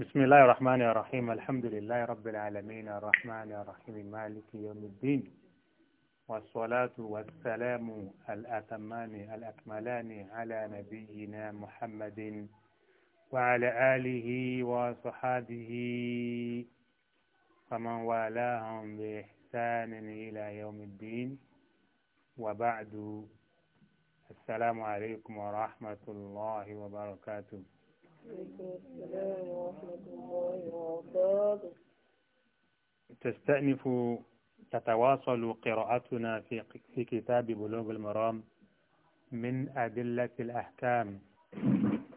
بسم الله الرحمن الرحيم الحمد لله رب العالمين الرحمن الرحيم مالك يوم الدين والصلاة والسلام الأتمان الأكملان على نبينا محمد وعلى آله وصحابه فمن والاهم بإحسان إلى يوم الدين وبعد السلام عليكم ورحمة الله وبركاته تستأنف تتواصل قراءتنا في في كتاب بلوغ المرام من أدلة الأحكام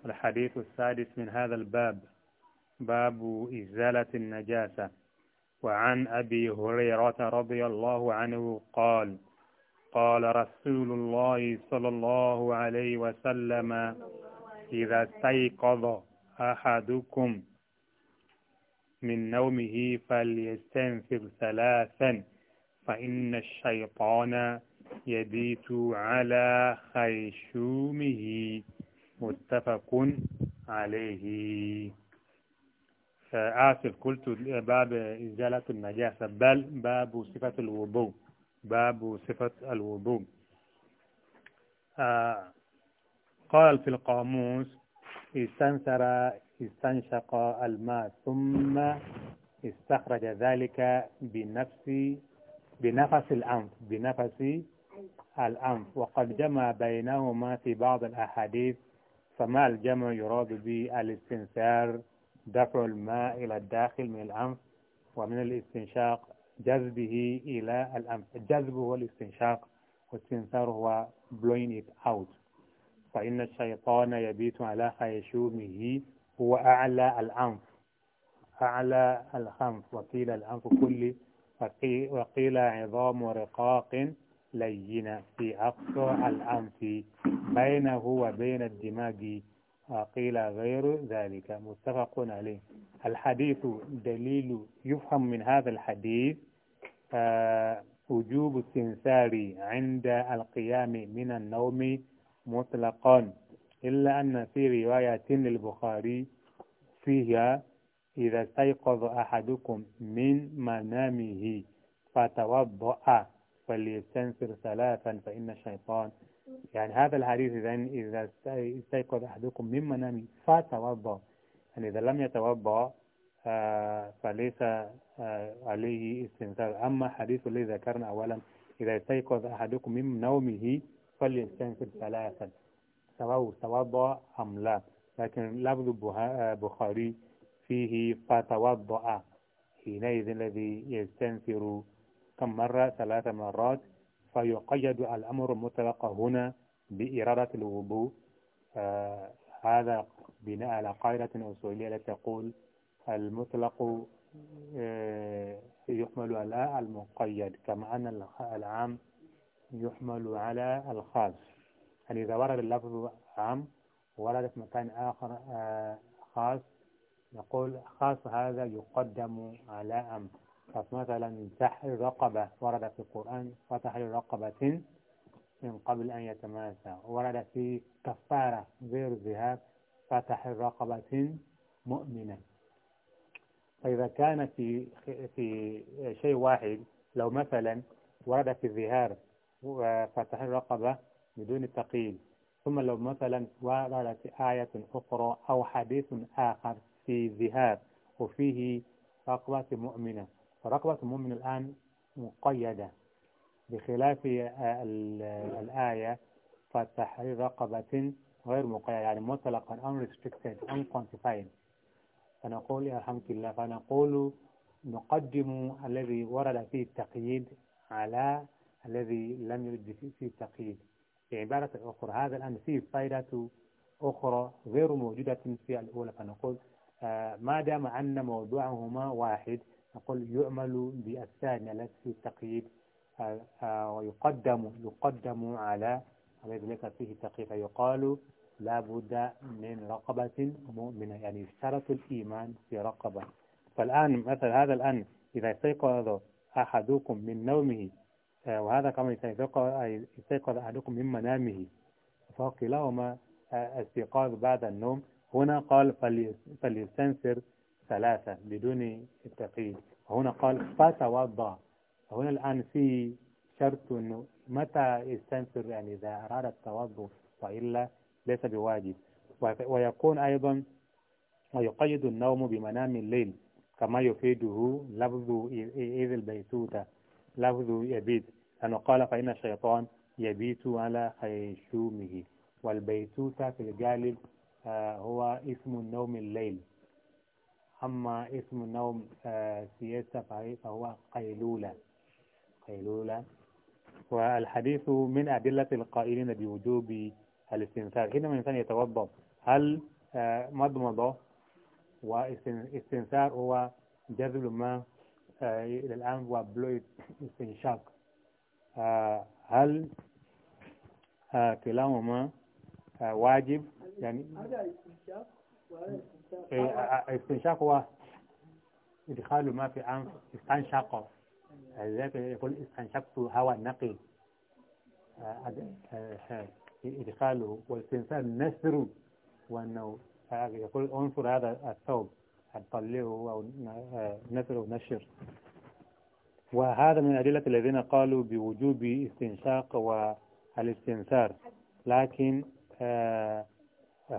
الحديث السادس من هذا الباب باب إزالة النجاسة وعن أبي هريرة رضي الله عنه قال قال رسول الله صلى الله عليه وسلم إذا استيقظ أحدكم من نومه فليستنفر ثلاثا فإن الشيطان يبيت على خيشومه متفق عليه فآسف قلت باب إزالة النجاسة بل باب صفة الوضوء باب صفة الوضوء آه قال في القاموس استنثر استنشق الماء ثم استخرج ذلك بنفس بنفس الأنف بنفس الأنف وقد جمع بينهما في بعض الأحاديث فما الجمع يراد به الاستنثار دفع الماء إلى الداخل من الأنف ومن الاستنشاق جذبه إلى الأنف الجذب هو الاستنشاق والاستنثار هو blowing it out فإن الشيطان يبيت على خيشومه هو أعلى الأنف أعلى الأنف وقيل الأنف كل وقيل عظام رقاق لينة في أقصى الأنف بينه وبين الدماغ وقيل غير ذلك متفق عليه الحديث دليل يفهم من هذا الحديث آه، وجوب السنسار عند القيام من النوم مطلقا إلا أن في رواية للبخاري فيها إذا استيقظ أحدكم من منامه فتوضأ فليستنفر ثلاثا فإن الشيطان يعني هذا الحديث إذا إذا استيقظ أحدكم من منامه فتوضأ يعني إذا لم يتوضأ آه، فليس آه، عليه استنثار أما حديث الذي ذكرنا أولا إذا استيقظ أحدكم من نومه في ثلاثا سواء توضع أم لا لكن لفظ بخاري فيه فتوضع حينئذ الذي يستنفر كم مرة ثلاث مرات فيقيد الأمر المطلق هنا بإرادة الوضوء آه هذا بناء على قاعدة أصولية التي تقول المطلق آه يحمل على المقيد كما أن العام يحمل على الخاص يعني إذا ورد اللفظ عام ورد في مكان آخر آه، خاص نقول خاص هذا يقدم على أم فمثلا تحر رقبة ورد في القرآن فتحر رقبة من قبل أن يتماسى ورد في كفارة غير ذهاب فتح رقبة مؤمنة فإذا كان في في شيء واحد لو مثلا ورد في الظهار فتح الرقبة بدون تقييد ثم لو مثلا وردت آية أخرى أو حديث آخر في ذهاب وفيه رقبة مؤمنة فرقبة المؤمن الآن مقيدة بخلاف الآية فتحرير رقبة غير مقيدة يعني مطلقا unrestricted unquantified فنقول يا الحمد الله فنقول نقدم الذي ورد فيه التقييد على الذي لم يرد فيه تقييد بعبارة أخرى هذا الآن فيه فائدة أخرى غير موجودة في الأولى فنقول آه، ما دام أن موضوعهما واحد نقول يعمل بالثانية التي فيه التقييد آه، آه، ويقدم يقدم على الذي ليس فيه تقييد فيقال لا بد من رقبة مؤمنة يعني اشترط الإيمان في رقبة فالآن مثلا هذا الآن إذا استيقظ أحدكم من نومه آه، وهذا كما يستيقظ أحدكم من منامه فقيل لهما استيقاظ آه، بعد النوم هنا قال فليستنسر ثلاثة بدون التقييد هنا قال فتوضا هنا الآن في شرط متى يستنسر يعني إذا أراد التوضا وإلا ليس بواجب ويكون أيضا ويقيد النوم بمنام الليل كما يفيده لفظ إذ البيتوتة لفظ يبيت لأنه قال فإن الشيطان يبيت على خيشومه والبيتوتة في الجالب آه، هو اسم النوم الليل أما اسم النوم آه، سياسة فهو قيلولة قيلولة والحديث من أدلة القائلين بوجوب الاستنثار حينما الإنسان يتوضأ هل آه، مضمضة واستنثار هو جذب الماء آه، إلى الآن وبلويد استنشاق آه، هل آه، كلاهما واجب يعني هذا إيه، استنشاق استنشاق هو إدخال ما في أنف استنشاق لذلك يقول استنشقت هواء نقي إدخاله والاستنشاق نسر وأنه يقول انصر هذا الثوب هنطلعه أو نثر آه، ونشر وهذا من أدلة الذين قالوا بوجوب استنشاق والاستنثار لكن آه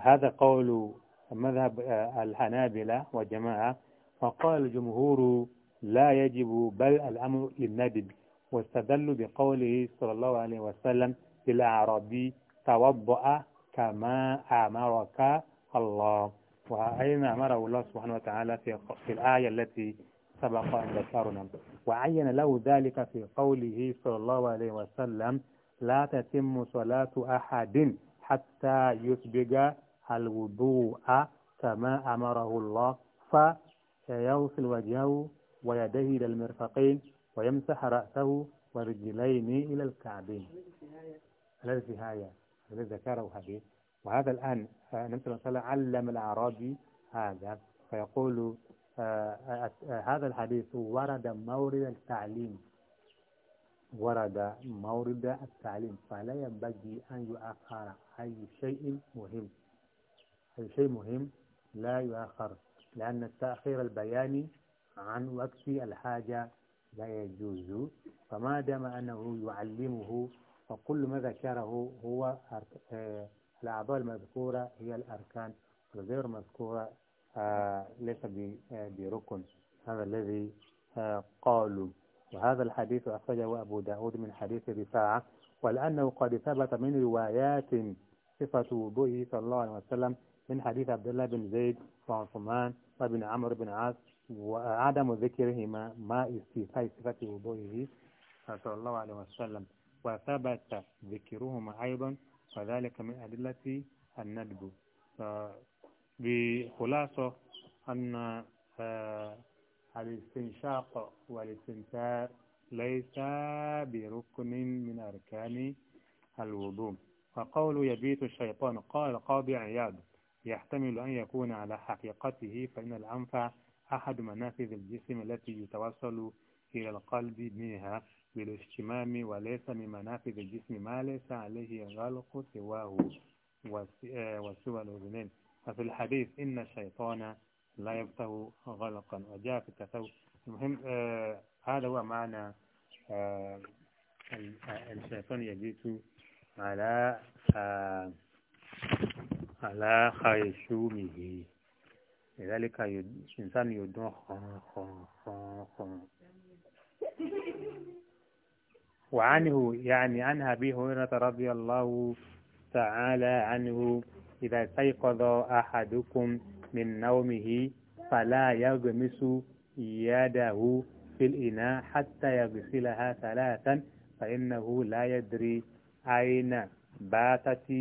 هذا قول مذهب آه الحنابلة وجماعة وقال الجمهور لا يجب بل الأمر للندب واستدلوا بقوله صلى الله عليه وسلم بالأعرابي توضأ كما أمرك الله وعين أمره الله سبحانه وتعالى في في الآية التي سبق أن ذكرنا وعين له ذلك في قوله صلى الله عليه وسلم لا تتم صلاة أحد حتى يسبق الوضوء كما أمره الله فيغسل وجهه ويديه إلى المرفقين ويمسح رأسه ورجلين إلى الكعبين الذي في هاية الذي ذكره حديث وهذا الآن النبي صلى الله عليه وسلم علم الأعرابي هذا فيقول آه، آه، آه، هذا الحديث ورد مورد التعليم ورد مورد التعليم فلا ينبغي أن يؤخر أي شيء مهم أي شيء مهم لا يؤخر لأن التأخير البياني عن وقت الحاجة لا يجوز فما دام أنه يعلمه فكل ما ذكره هو الأعضاء المذكورة هي الأركان الغير مذكورة آه، ليس آه، بركن هذا الذي آه، قالوا وهذا الحديث أخرجه أبو داود من حديث رفاعة ولأنه قد ثبت من روايات صفة وضوئه صلى الله عليه وسلم من حديث عبد الله بن زيد وعثمان وابن عمرو بن عاص وعدم ذكرهما ما استيفاء صفة وضوئه صلى الله عليه وسلم وثبت ذكرهما أيضا وذلك من أدلة الندب بخلاصة أن آه، الاستنشاق والاستنثار ليس بركن من أركان الوضوء فقول يبيت الشيطان قال قاضي عياد يحتمل أن يكون على حقيقته فإن الأنف أحد منافذ الجسم التي يتوصل إلى القلب منها بالاهتمام وليس من منافذ الجسم ما ليس عليه غلق سواه آه، وسوى الأذنين ففي الحديث إن الشيطان لا يبتغ غلقا وجاء في التسوي المهم آه هذا هو معنى آه الشيطان يجيت على آه على خيشومه لذلك الإنسان يدون خون خون خون وعنه يعني عن أبي هريرة رضي الله تعالى عنه إذا استيقظ أحدكم من نومه فلا يغمس يده في الإناء حتى يغسلها ثلاثا فإنه لا يدري أين باتت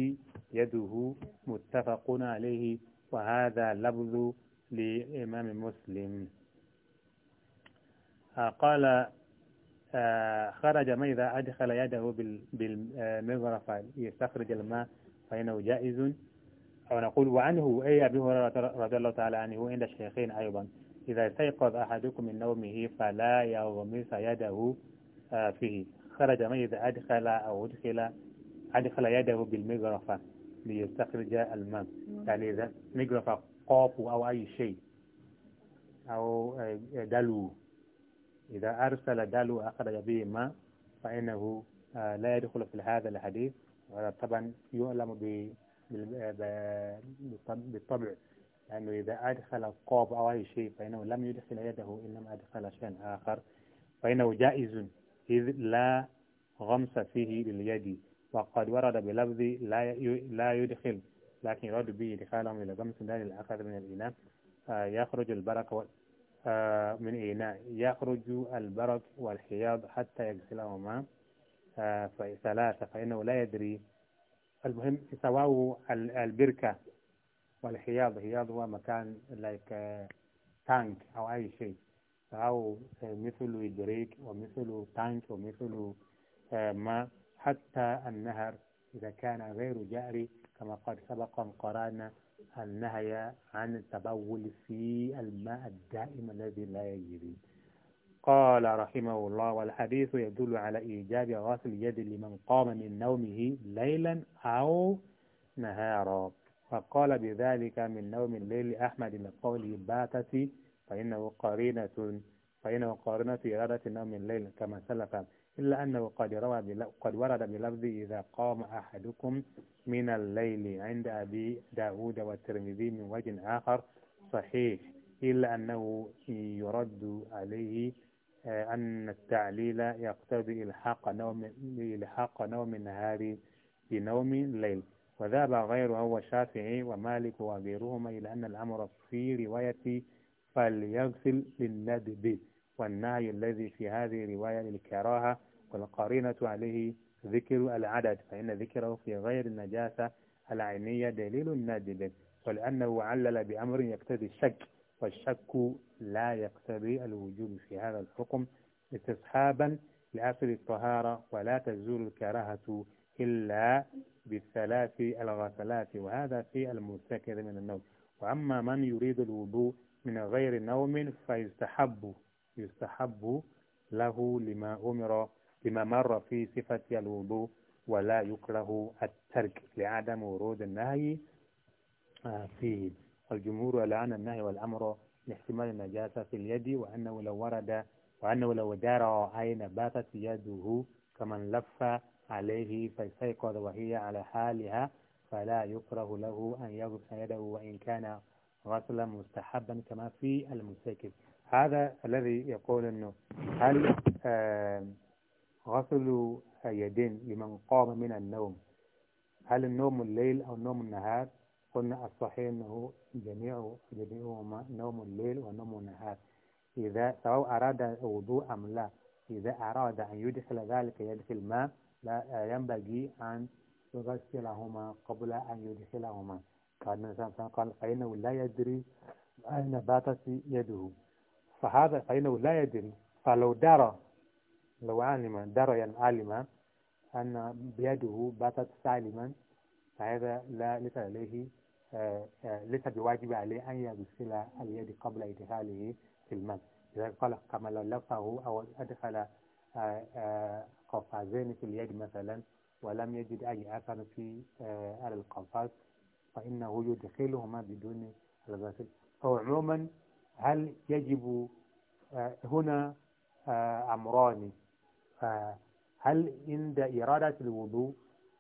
يده متفق عليه وهذا لفظ لإمام مسلم قال خرج ما إذا أدخل يده بالمغرفة يستخرج الماء فإنه جائز أو نقول وعنه أي أبي هريرة رضي الله تعالى عنه عند الشيخين أيضا إذا استيقظ أحدكم من نومه فلا يغمس يده آه، فيه خرج ما إذا أدخل أو أدخل أدخل يده بالمغرفة ليستخرج الماء يعني إذا مغرفة قاف أو أي شيء أو آه، دلو إذا أرسل دالو أخرج به ما فإنه آه، لا يدخل في هذا الحديث طبعا يؤلم بالطبع لأنه إذا أدخل القاب أو أي شيء فإنه لم يدخل يده إنما أدخل شيء آخر فإنه جائز إذ لا غمس فيه لليد وقد ورد بلفظ لا لا يدخل لكن يرد به إدخالهم إلى غمس دال الآخر من الإناء يخرج البركة آه، من إناء يخرج البرك والحياض حتى يغسلهما آه، ثلاثة فإنه لا يدري المهم سواء البركة والحياض حياض هو مكان لايك تانك أو أي شيء أو مثل إدريك ومثل تانك ومثل آه، ماء حتى النهر إذا كان غير جاري كما قد سبق قرانا النهي عن التبول في الماء الدائم الذي لا يجري قال رحمه الله والحديث يدل على إيجاب غسل اليد لمن قام من نومه ليلا أو نهارا فقال بذلك من نوم الليل أحمد قوله باتت فإنه قرينة فإنه قرينة إرادة نوم الليل كما سلف إلا أنه قد روى قد ورد بلفظ إذا قام أحدكم من الليل عند أبي داود والترمذي من وجه آخر صحيح إلا أنه يرد عليه آه، أن التعليل يقتضي إلحاق نوم إلحاق نوم النهار بنوم الليل وذهب غيره والشافعي ومالك وغيرهما إلى أن الأمر في رواية فليغسل للندب والنهي الذي في هذه الرواية للكراهة والقرينة عليه ذكر العدد فإن ذكره في غير النجاسة العينية دليل نادب ولأنه علل بأمر يقتضي الشك والشك لا يقتضي الوجوب في هذا الحكم استصحابا لأصل الطهارة ولا تزول الكراهة إلا بالثلاث الغسلات وهذا في المستكر من النوم وأما من يريد الوضوء من غير نوم فيستحب يستحب له لما أمر لما مر في صفة الوضوء ولا يكره الترك لعدم ورود النهي آه، فيه والجمهور على أن النهي والأمر لاحتمال النجاسة في اليد وأنه لو ورد وأنه لو دار عين باتت يده كمن لف عليه فاستيقظ وهي على حالها فلا يكره له أن يغسل يده وإن كان غسلا مستحبا كما في المستيقظ هذا الذي يقول أنه هل غسل يدين لمن قام من النوم هل النوم الليل أو النوم النهار قلنا الصحيح أنه جميع جميعهما نوم الليل ونوم النهار إذا سواء أراد وضوء أم لا إذا أراد أن يدخل ذلك يد في الماء لا ينبغي أن يغسلهما قبل أن يدخلهما قال النبي صلى الله عليه وسلم قال فإنه لا يدري أين باتت يده فهذا فإنه لا يدل فلو درى لو علم درى يعني علم أن بيده باتت سالما فهذا لا ليس عليه آه، آه، ليس بواجب عليه أن يغسل اليد قبل إدخاله في الماء لذلك قال كما لو لفه أو أدخل آه، قفازين في اليد مثلا ولم يجد أي أثر في على القفاز فإنه يدخلهما بدون الغسل فهو عموما هل يجب آه، هنا آه، أمران آه، هل عند إرادة الوضوء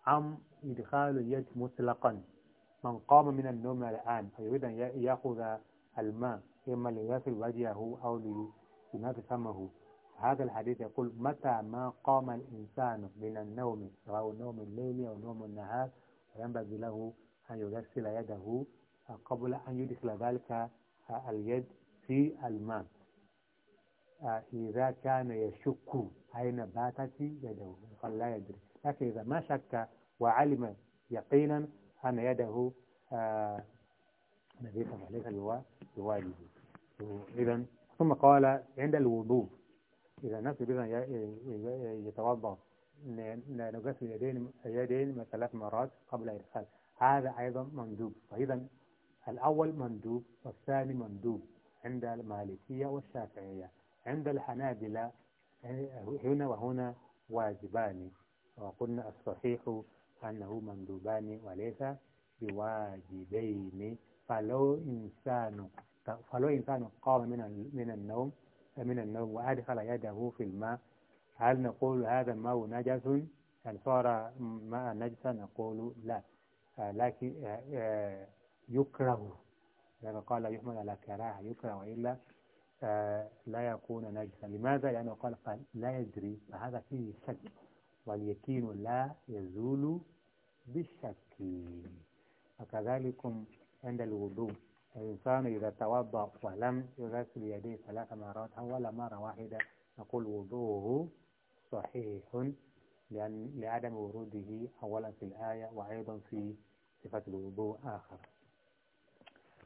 أم إدخال اليد مطلقا من قام من النوم الآن فيريد أن يأخذ الماء إما ليغسل وجهه أو لينظف فمه هذا الحديث يقول متى ما قام الإنسان من النوم سواء نوم الليل أو نوم النهار فينبغي له أن يغسل يده قبل أن يدخل ذلك اليد في الماء آه، إذا كان يشك أين باتت يده فلا يدري لكن إذا ما شك وعلم يقينا أن يده نظيفة فليس بواجب إذا ثم قال عند الوضوء إذا نفس إذا يتوضأ نغسل يدين يدين ثلاث مرات قبل إدخال هذا أيضا مندوب فإذا الأول مندوب والثاني مندوب عند المالكية والشافعية عند الحنابلة هنا وهنا واجبان وقلنا الصحيح أنه مندوبان وليس بواجبين فلو إنسان فلو إنسان قام من من النوم من النوم وأدخل يده في الماء هل نقول هذا الماء نجس هل صار ماء نجسا نقول لا لكن آه، آه، يكره لأنه قال لا يحمل على كراهة يكره وإلا آه، لا يكون نجسا لماذا؟ لأنه قال لا يجري فهذا فيه شك واليقين لا يزول بالشك وكذلك عند الوضوء الإنسان إذا توضأ ولم يغسل يديه ثلاث مرات ولا مرة واحدة نقول وضوءه صحيح لأن لعدم وروده أولا في الآية وأيضا في صفة الوضوء آخر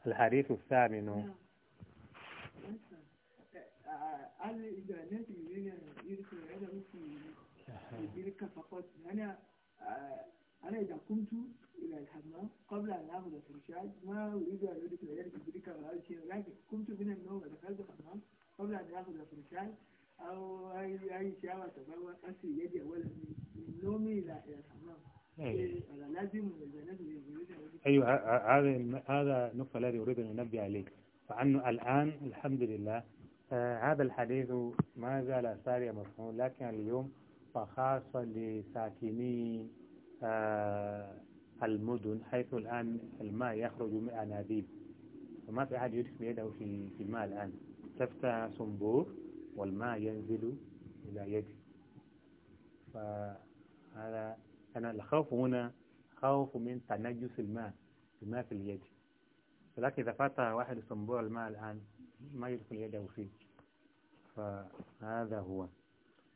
الحديث الثامن قال إذا الناس يريدون يدخل العلم في تلك فقط أنا أنا إذا قمت إلى الحمام قبل أن آخذ الفرشاة ما أريد أن أدرك العلم في تلك وهذا شيء لكن قمت من النوم ودخلت الحمام قبل أن آخذ الفرشاة أو أي أي شيء وأتبول أسري يدي أولا من نومي إلى الحمام أيوة هذا هذا نقطة الذي أريد أن أنبه عليه فعنه الآن الحمد لله آه، هذا الحديث ما زال ساريا مفهوم لكن اليوم فخاصة لساكني آه، المدن حيث الآن الماء يخرج من أنابيب وما في أحد يدخل يده في, في الماء الآن تفتح صنبور والماء ينزل إلى يده فهذا أنا الخوف هنا خوف من تنجس الماء الماء في اليد ولكن إذا فتح واحد صنبوع الماء الآن ما يدخل يده فيه فهذا هو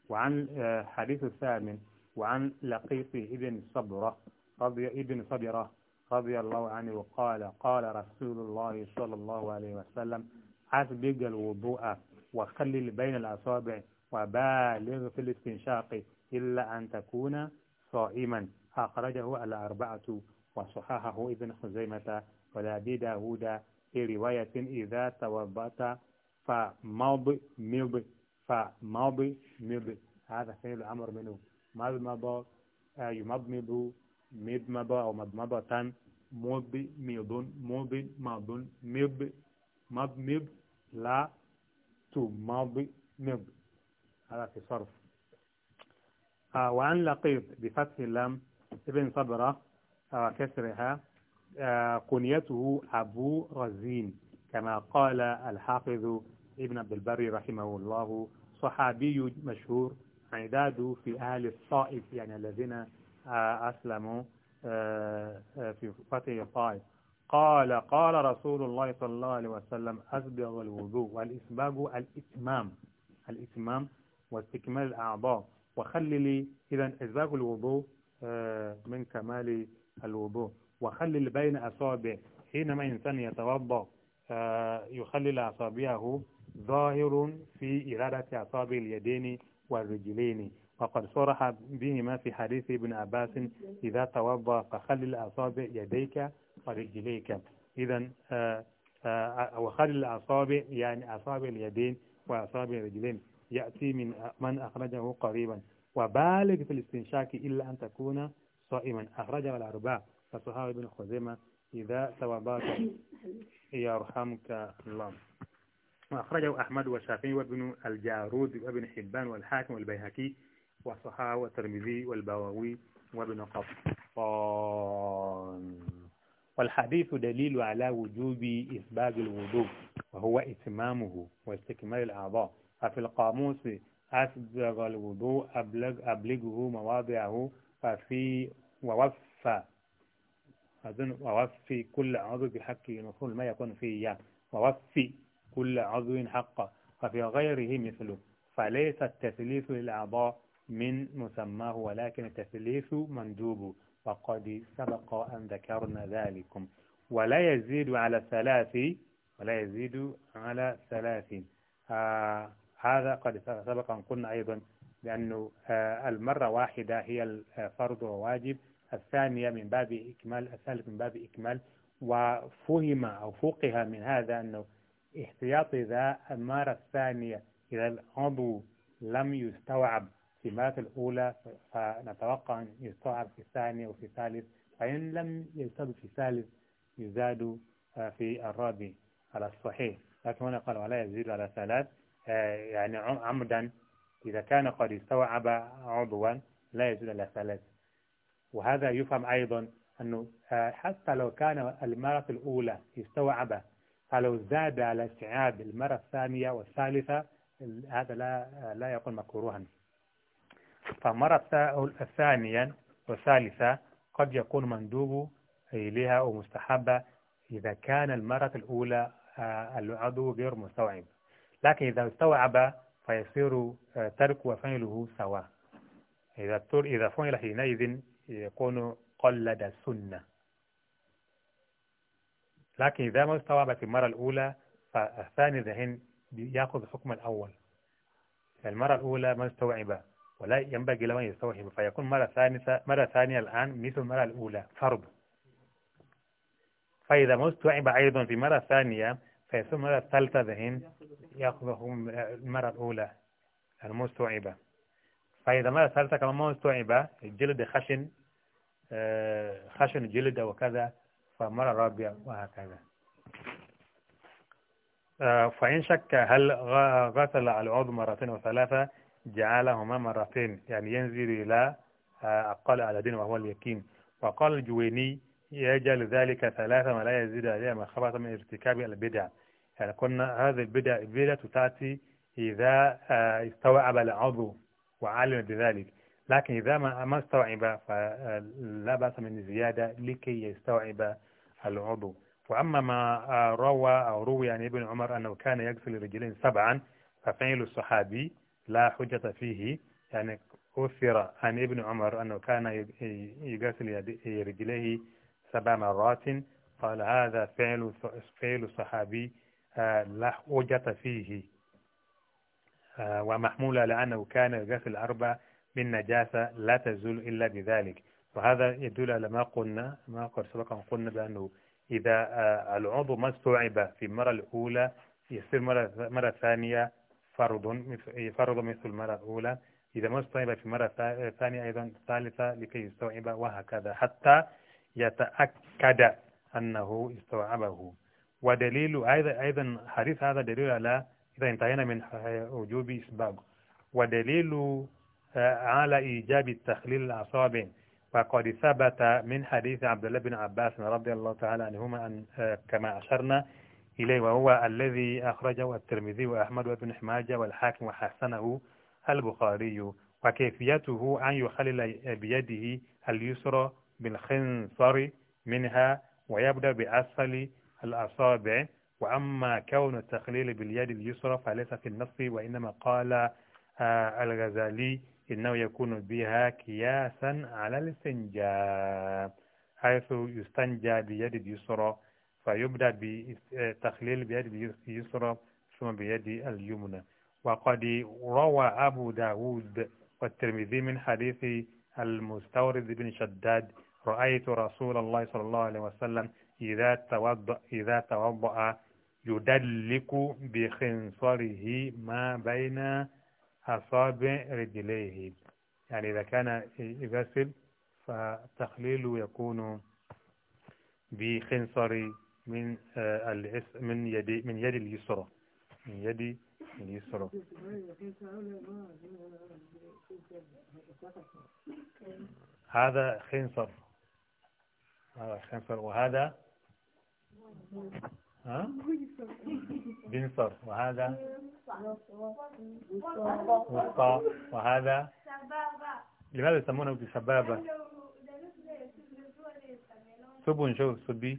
وعن آه، حديث الثامن وعن لقيط ابن صبرة رضي ابن صبرة رضي الله عنه وقال قال رسول الله صلى الله عليه وسلم أسبق الوضوء وخلل بين الأصابع وبالغ في الاستنشاق إلا أن تكون صائما أخرجه الأربعة وصححه ابن خزيمة ولأبي داود في رواية إذا توضأت فمض مض فمض مض هذا فعل الأمر منه آه، مض مض مض مض مض أو مض مض مض مض مض مض مض مض مض لا تمض مض هذا في صرف آه، وعن لقيط بفتح اللام ابن صبرة وكسرها آه، آه، كنيته أبو رزين كما قال الحافظ ابن عبد البر رحمه الله صحابي مشهور عداد في أهل الطائف يعني الذين أسلموا في فتح الطائف قال قال رسول الله صلى الله عليه وسلم أسبغ الوضوء والإسباغ الإتمام الإتمام واستكمال الأعضاء وخللي إذا إزاق الوضوء آه، من كمال الوضوء وخلل بين أصابع حينما إنسان يتوضأ آه، يخلل أصابعه ظاهر في إرادة أصابع اليدين والرجلين وقد صرح بهما في حديث ابن عباس إذا توضأ فخلل أصابع يديك ورجليك إذا آه، وخلل الأصابع يعني أصابع اليدين وأصابع الرجلين يأتي من من أخرجه قريبا وبالغ في الاستنشاق إلا أن تكون صائما أخرجه الأربعة فصحابي بن خزيمة إذا ثوابات يرحمك الله وأخرجه أحمد والشافعي وابن الجارود وابن حبان والحاكم والبيهكي والصحاوي والترمذي والبواوي وابن قطان والحديث دليل على وجوب إسباب الوضوء وهو إتمامه واستكمال الأعضاء ففي القاموس أسبغ الوضوء أبلغ أبلغه مواضعه ففي ووفى أظن ووفي كل عضو بحق نصول ما يكون فيه ووفي كل عضو حقه ففي غيره مثله فليس التثليث للأعضاء من مسماه ولكن التثليث مندوب وقد سبق أن ذكرنا ذلكم ولا يزيد على ثلاث ولا يزيد على ثلاث آه هذا قد سبق أن قلنا أيضا بأنه آه، المرة واحدة هي فرض وواجب الثانية من باب إكمال الثالث من باب إكمال وفهم أو فقه من هذا أنه احتياط ذا المرة الثانية إذا العضو لم يستوعب في المرة الأولى فنتوقع أن يستوعب في الثانية وفي الثالث فإن لم يستوعب في الثالث يزاد آه، في الرابع على الصحيح لكن هنا قال ولا يزيد على ثلاث آه، يعني عمدا إذا كان قد استوعب عضوا لا يزيد على ثلاث وهذا يفهم أيضا أنه آه، حتى لو كان المرة الأولى استوعب فلو زاد على استيعاب المرة الثانية والثالثة هذا لا آه، لا يكون مكروها فمرة الثانية والثالثة قد يكون مندوب إليها أو مستحبة إذا كان المرة الأولى العضو غير مستوعب لكن إذا استوعب فيصير آه، ترك وفعله سواء إذا إذا فعل حينئذ يكون قلد السنة لكن إذا ما استوعب في المرة الأولى فالثاني ذهن يأخذ حكم الأول المرة الأولى ما استوعب ولا ينبغي له أن يستوعب فيكون مرة ثانية مرة ثانية الآن مثل المرة الأولى فرض فإذا ما استوعب أيضا في مرة ثانية فيصير مرة ثالثة ذهن يأخذه المرة الأولى المستوعبة فإذا المرة الثالثة كما مستوعبة الجلد خشن آه، خشن الجلد وكذا فمرة الرابعة وهكذا آه، فإن شك هل غسل العضو مرتين وثلاثة جعلهما مرتين يعني ينزل إلى آه، أقل عددين وهو اليقين وقال الجويني يجعل ذلك ثلاثة ولا يزيد عليها مخبطة من ارتكاب البدع يعني قلنا هذه البدع البدع تأتي إذا آه، استوعب العضو وعلم بذلك لكن إذا ما استوعب فلا بأس من زيادة لكي يستوعب العضو وأما ما آه، روى أو روي عن يعني ابن عمر أنه كان يغسل رجلين سبعا ففعل الصحابي لا حجة فيه يعني أثر عن ابن عمر أنه كان يغسل رجليه سبع مرات قال هذا فعل فعل الصحابي لا حجة فيه آه، ومحمولة على أنه كان غسل الأربع من نجاسة لا تزول إلا بذلك وهذا يدل على ما قلنا ما قد سبقا قلنا بأنه إذا آه، العضو ما استوعب في المرة الأولى يصير مرة, مرة ثانية فرض فرض مثل المرة الأولى إذا ما استوعب في مرة ثانية أيضا ثالثة لكي يستوعب وهكذا حتى يتأكد أنه استوعبه ودليل أيضا حديث هذا دليل على إذا انتهينا من وجوب إسباب ودليل آه، على إيجاب التخليل الأعصاب وقد ثبت من حديث عبد الله بن عباس رضي الله تعالى عنهما أن آه، كما أشرنا إليه وهو الذي أخرجه الترمذي وأحمد وابن حماجة والحاكم وحسنه البخاري وكيفيته أن يخلل بيده اليسرى بالخنصر منها ويبدأ بأسفل الأصابع وأما كون التخليل باليد اليسرى فليس في النص وإنما قال آه، الغزالي إنه يكون بها كياسا على الاستنجاء حيث يستنجى بيد اليسرى فيبدأ بتخليل بيد اليسرى ثم بيد اليمنى وقد روى أبو داود والترمذي من حديث المستورد بن شداد رأيت رسول الله صلى الله عليه وسلم إذا توضأ إذا توضأ يدلك بخنصره ما بين أصابع رجليه يعني إذا كان يغسل فتخليله يكون بخنصر من آه، من يد من يد اليسرى من يد اليسرى هذا خنصر هذا خنصر وهذا ها؟ بنصر وهذا وسطى وهذا لماذا يسمونه بسبابة سبون شو سبي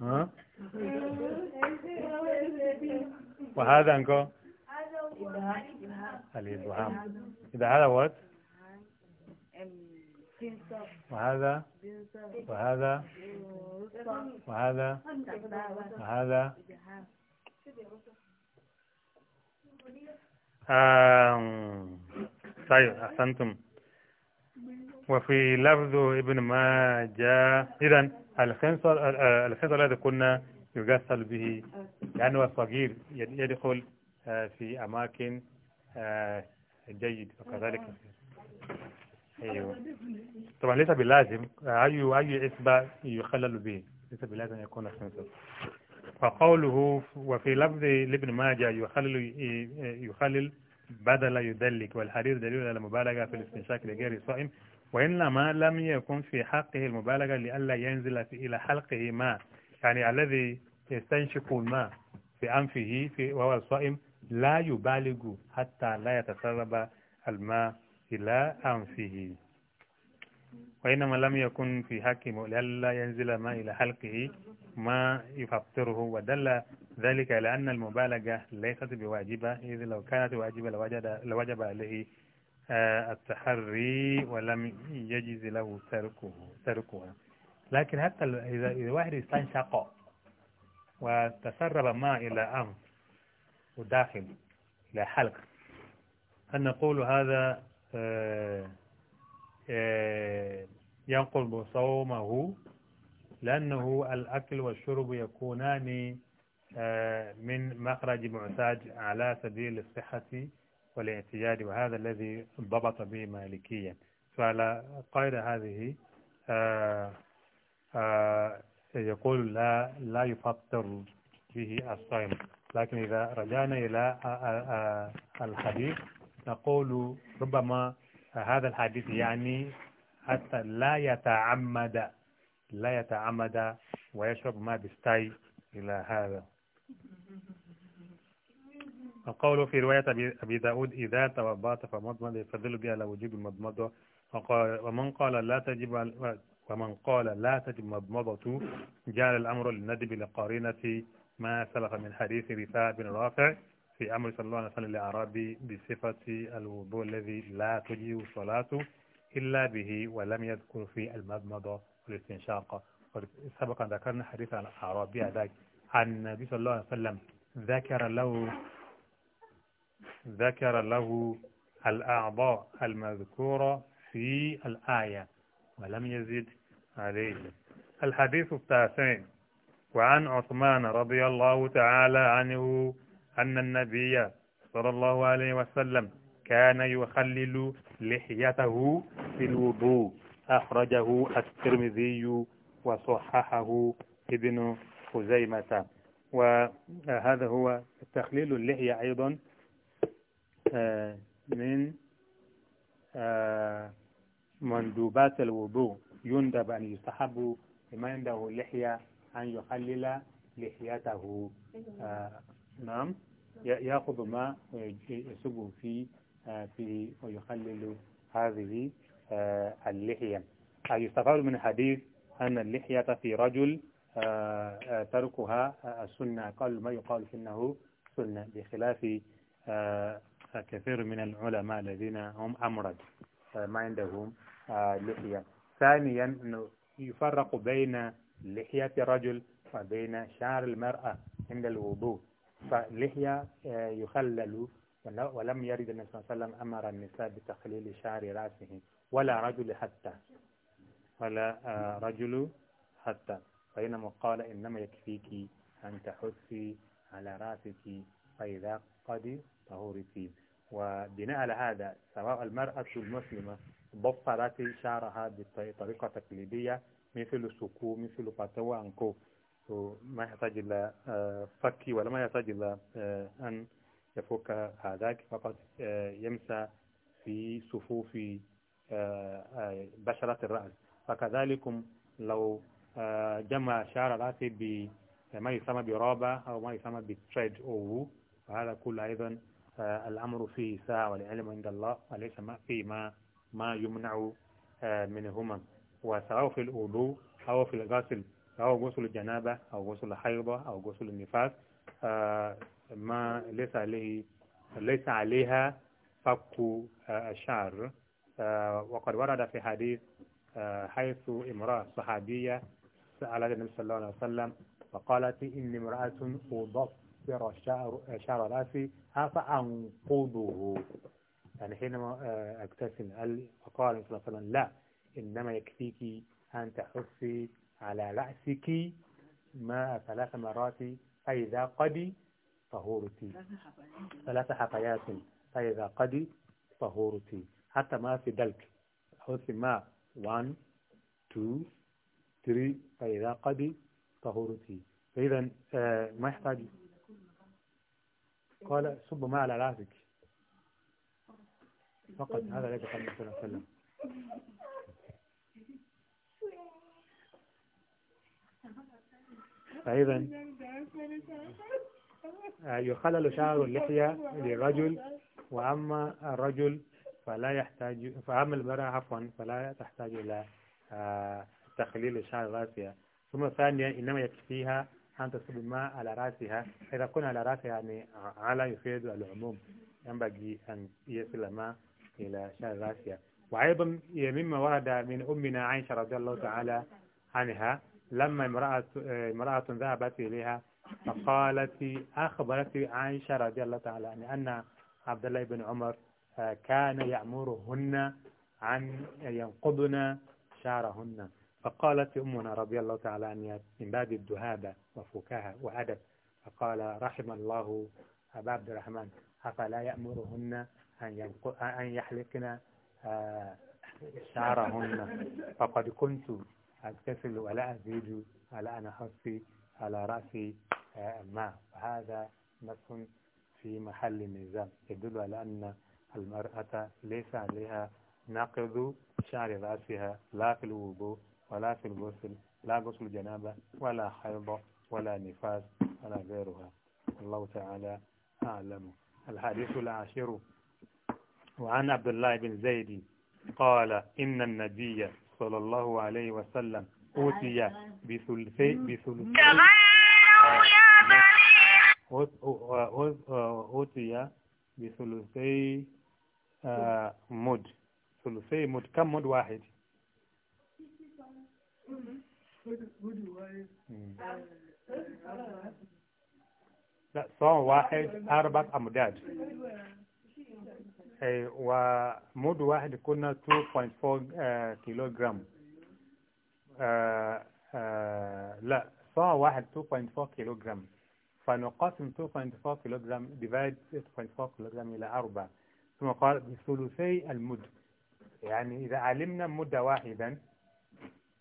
ها وهذا انكو الإبهام إذا هذا وات وهذا وهذا وهذا وهذا طيب أحسنتم وفي لفظ ابن ماجه إذا الخنصر الخنصر الذي قلنا يغسل به لأنه صغير يدخل آه، في أماكن آه، جيد وكذلك أيوة. طبعا ليس بلازم أي أي إثبات يخلل به ليس بلازم يكون خمسة فقوله وفي لفظ لابن ماجه يخلل يخلل بدل يدلك والحرير دليل على المبالغة في الاستنشاق لغير الصائم وإنما لم يكن في حقه المبالغة لئلا ينزل إلى حلقه ما يعني الذي يستنشق الماء في أنفه في وهو الصائم لا يبالغ حتى لا يتسرب الماء إلى أنفه وإنما لم يكن في حكم لئلا ينزل ما إلى حلقه ما يفطره ودل ذلك على أن المبالغة ليست بواجبة إذ لو كانت واجبة لوجب عليه آه، التحري ولم يجز له تركه تركها لكن حتى إذا واحد استنشق وتسرب ما إلى أنف وداخل إلى حلق أن نقول هذا آه، آه، ينقلب صومه لأنه الأكل والشرب يكونان آه، من مخرج معتاج على سبيل الصحة والاعتياد وهذا الذي ضبط به مالكيا فعلى قيد هذه يقول لا لا يفطر به الصائم لكن إذا رجعنا إلى الحديث نقول ربما هذا الحديث يعني حتى لا يتعمد لا يتعمد ويشرب ما بستي إلى هذا وقوله في رواية أبي داود إذا توبات فمضمد يفضل بها لوجيب وجوب المضمضة ومن قال لا تجب ومن قال لا تجب مضمضة جعل الأمر للندب لقارنة ما سلف من حديث رفاع بن رافع في أمر صلى الله عليه وسلم لأعرابي بصفة الوضوء الذي لا تجيء صلاته إلا به ولم يذكر في المضمضة والاستنشاق سبقا ذكرنا حديث عن الأعرابي ذاك عن النبي صلى الله عليه وسلم ذكر له ذكر له الأعضاء المذكورة في الآية ولم يزد عليه الحديث التاسع وعن عثمان رضي الله تعالى عنه أن النبي صلى الله عليه وسلم كان يخلل لحيته في الوضوء أخرجه الترمذي وصححه ابن خزيمة وهذا هو تخليل اللحية أيضا آه، من آه، مندوبات الوضوء يندب أن يستحب لمن عنده لحية أن يخلل لحيته آه، نعم يأخذ ماء يسبه في في ويخلل هذه آه، اللحية آه، يستفاد من الحديث أن اللحية في رجل آه، تركها السنة قال ما يقال إنه سنة بخلاف كثير من العلماء الذين هم أمرد ما عندهم لحية ثانيا يفرق بين لحية الرجل وبين شعر المرأة عند الوضوء فاللحية آه، يخلل ولم يرد النبي صلى الله عليه وسلم أمر النساء بتخليل شعر رأسه ولا رجل حتى ولا آه، رجل حتى فإنما قال إنما يكفيك أن تحثي على رأسك فإذا قد طهرت وبناء على هذا سواء المرأة المسلمة بفرت شعرها بطريقة تقليدية مثل سكو مثل باتو أنكو ما يحتاج إلى آه، فك ولا ما يحتاج إلى آه، أن يفك هذاك فقط آه، يمسى في صفوف بشرة الرأس فكذلك لو جمع شعر رأسه بما يسمى برابة أو ما يسمى بتريد أو فهذا كل أيضا الأمر فيه ساعة والعلم عند الله وليس ما في ما ما يمنع منهما وسواء في الأولو أو في الغسل أو غسل الجنابة أو غسل حيضة أو غسل النفاس آه، ما ليس عليه ليس عليها فك آه، الشعر آه، وقد ورد في حديث حيث امرأة صحابية سألت النبي صلى الله عليه وسلم فقالت إني امرأة أضفر شعر, شعر رأسي أفأنقضه يعني حينما اكتسم فقال النبي صلى الله عليه وسلم لا إنما يكفيك أن تحسي على رأسك ماء ثلاث مرات فإذا قد طهورتي ثلاث حطيات فإذا قد طهورتي حتى ما في دلك حوث ما 1 2 3 فإذا قد طهورتي فإذا آه، ما يحتاج قال صب ما على رأسك فقط هذا ليس قد صلى الله فإذا آه، يخلل شعر اللحية للرجل وأما الرجل فلا يحتاج فأما المرأة عفوا فلا تحتاج إلى آه، تخليل شعر رأسها ثم ثانيا إنما يكفيها أن تصب الماء على رأسها إذا كنا على رأسها يعني على يفيد العموم ينبغي أن يصل الماء إلى شعر رأسها وأيضا مما ورد من أمنا عائشة رضي الله تعالى عنها لما امرأة, امرأة ذهبت إليها فقالت أخبرت عائشة رضي الله تعالى عنها أن عبد الله بن عمر آه، كان يأمرهن عن ينقضن شعرهن فقالت أمنا رضي الله تعالى عنها من باب الدهابة وفكاهة وأدب فقال رحم الله أبا عبد الرحمن أفلا يأمرهن أن, أن يحلقن آه، شعرهن فقد كنت أغتسل ولا أزيد على أن أحصي على رأسي آه، ماء وهذا نص في محل النزام يدل على أن المرأة ليس عليها نقض شعر رأسها لا في الوضوء ولا في الغسل لا غسل جنابة ولا حيض ولا نفاس ولا غيرها الله تعالى أعلم الحديث العاشر وعن عبد الله بن زيد قال إن النبي صلى الله عليه وسلم أوتي بثلثي بثلثي أوتي بثلثي مد ثلثي مد كم مد واحد لا صوم واحد أربع أمداد ومود واحد كنا آه، 2.4 كيلوغرام آه، آه، لا صاع واحد 2.4 كيلوغرام فنقسم 2.4 كيلوغرام ديفايد 2.4 كيلوغرام إلى 4 ثم قال بثلثي المد يعني إذا علمنا مد واحدا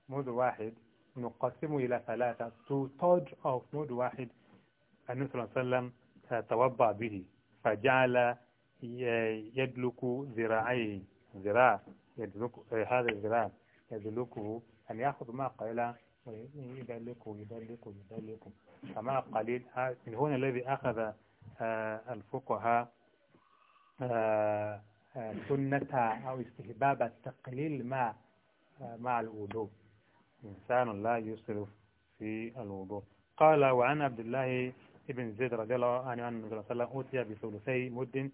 مد واحد نقسمه إلى ثلاثة to touch of مد واحد النبي صلى الله عليه وسلم توضأ به فجعل يدلك ذراعيه ذراع يدلك آه، هذا الذراع يدلكه أن يأخذ ما قليلا ويدلكه يدلكه يدلكه فما قليل من هنا الذي أخذ آه، الفقهاء آه، سنة أو استحباب تقليل ما مع الوضوء إنسان لا يسرف في الوضوء قال وعن عبد الله ابن زيد رضي الله عنه أن النبي صلى الله عليه وسلم أوتي بثلثي مد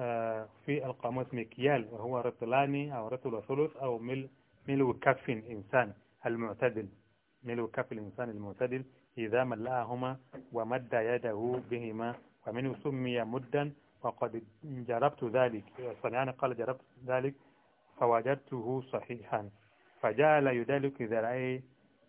آه، في القاموس مكيال وهو رطلان أو رطل وثلث أو مل ملو كف إنسان المعتدل ملو كف الإنسان المعتدل إذا ملأهما ومد يده بهما ومنه سمي مدا وقد جربت ذلك صنعان قال جربت ذلك فوجدته صحيحا فجعل يدلك رأي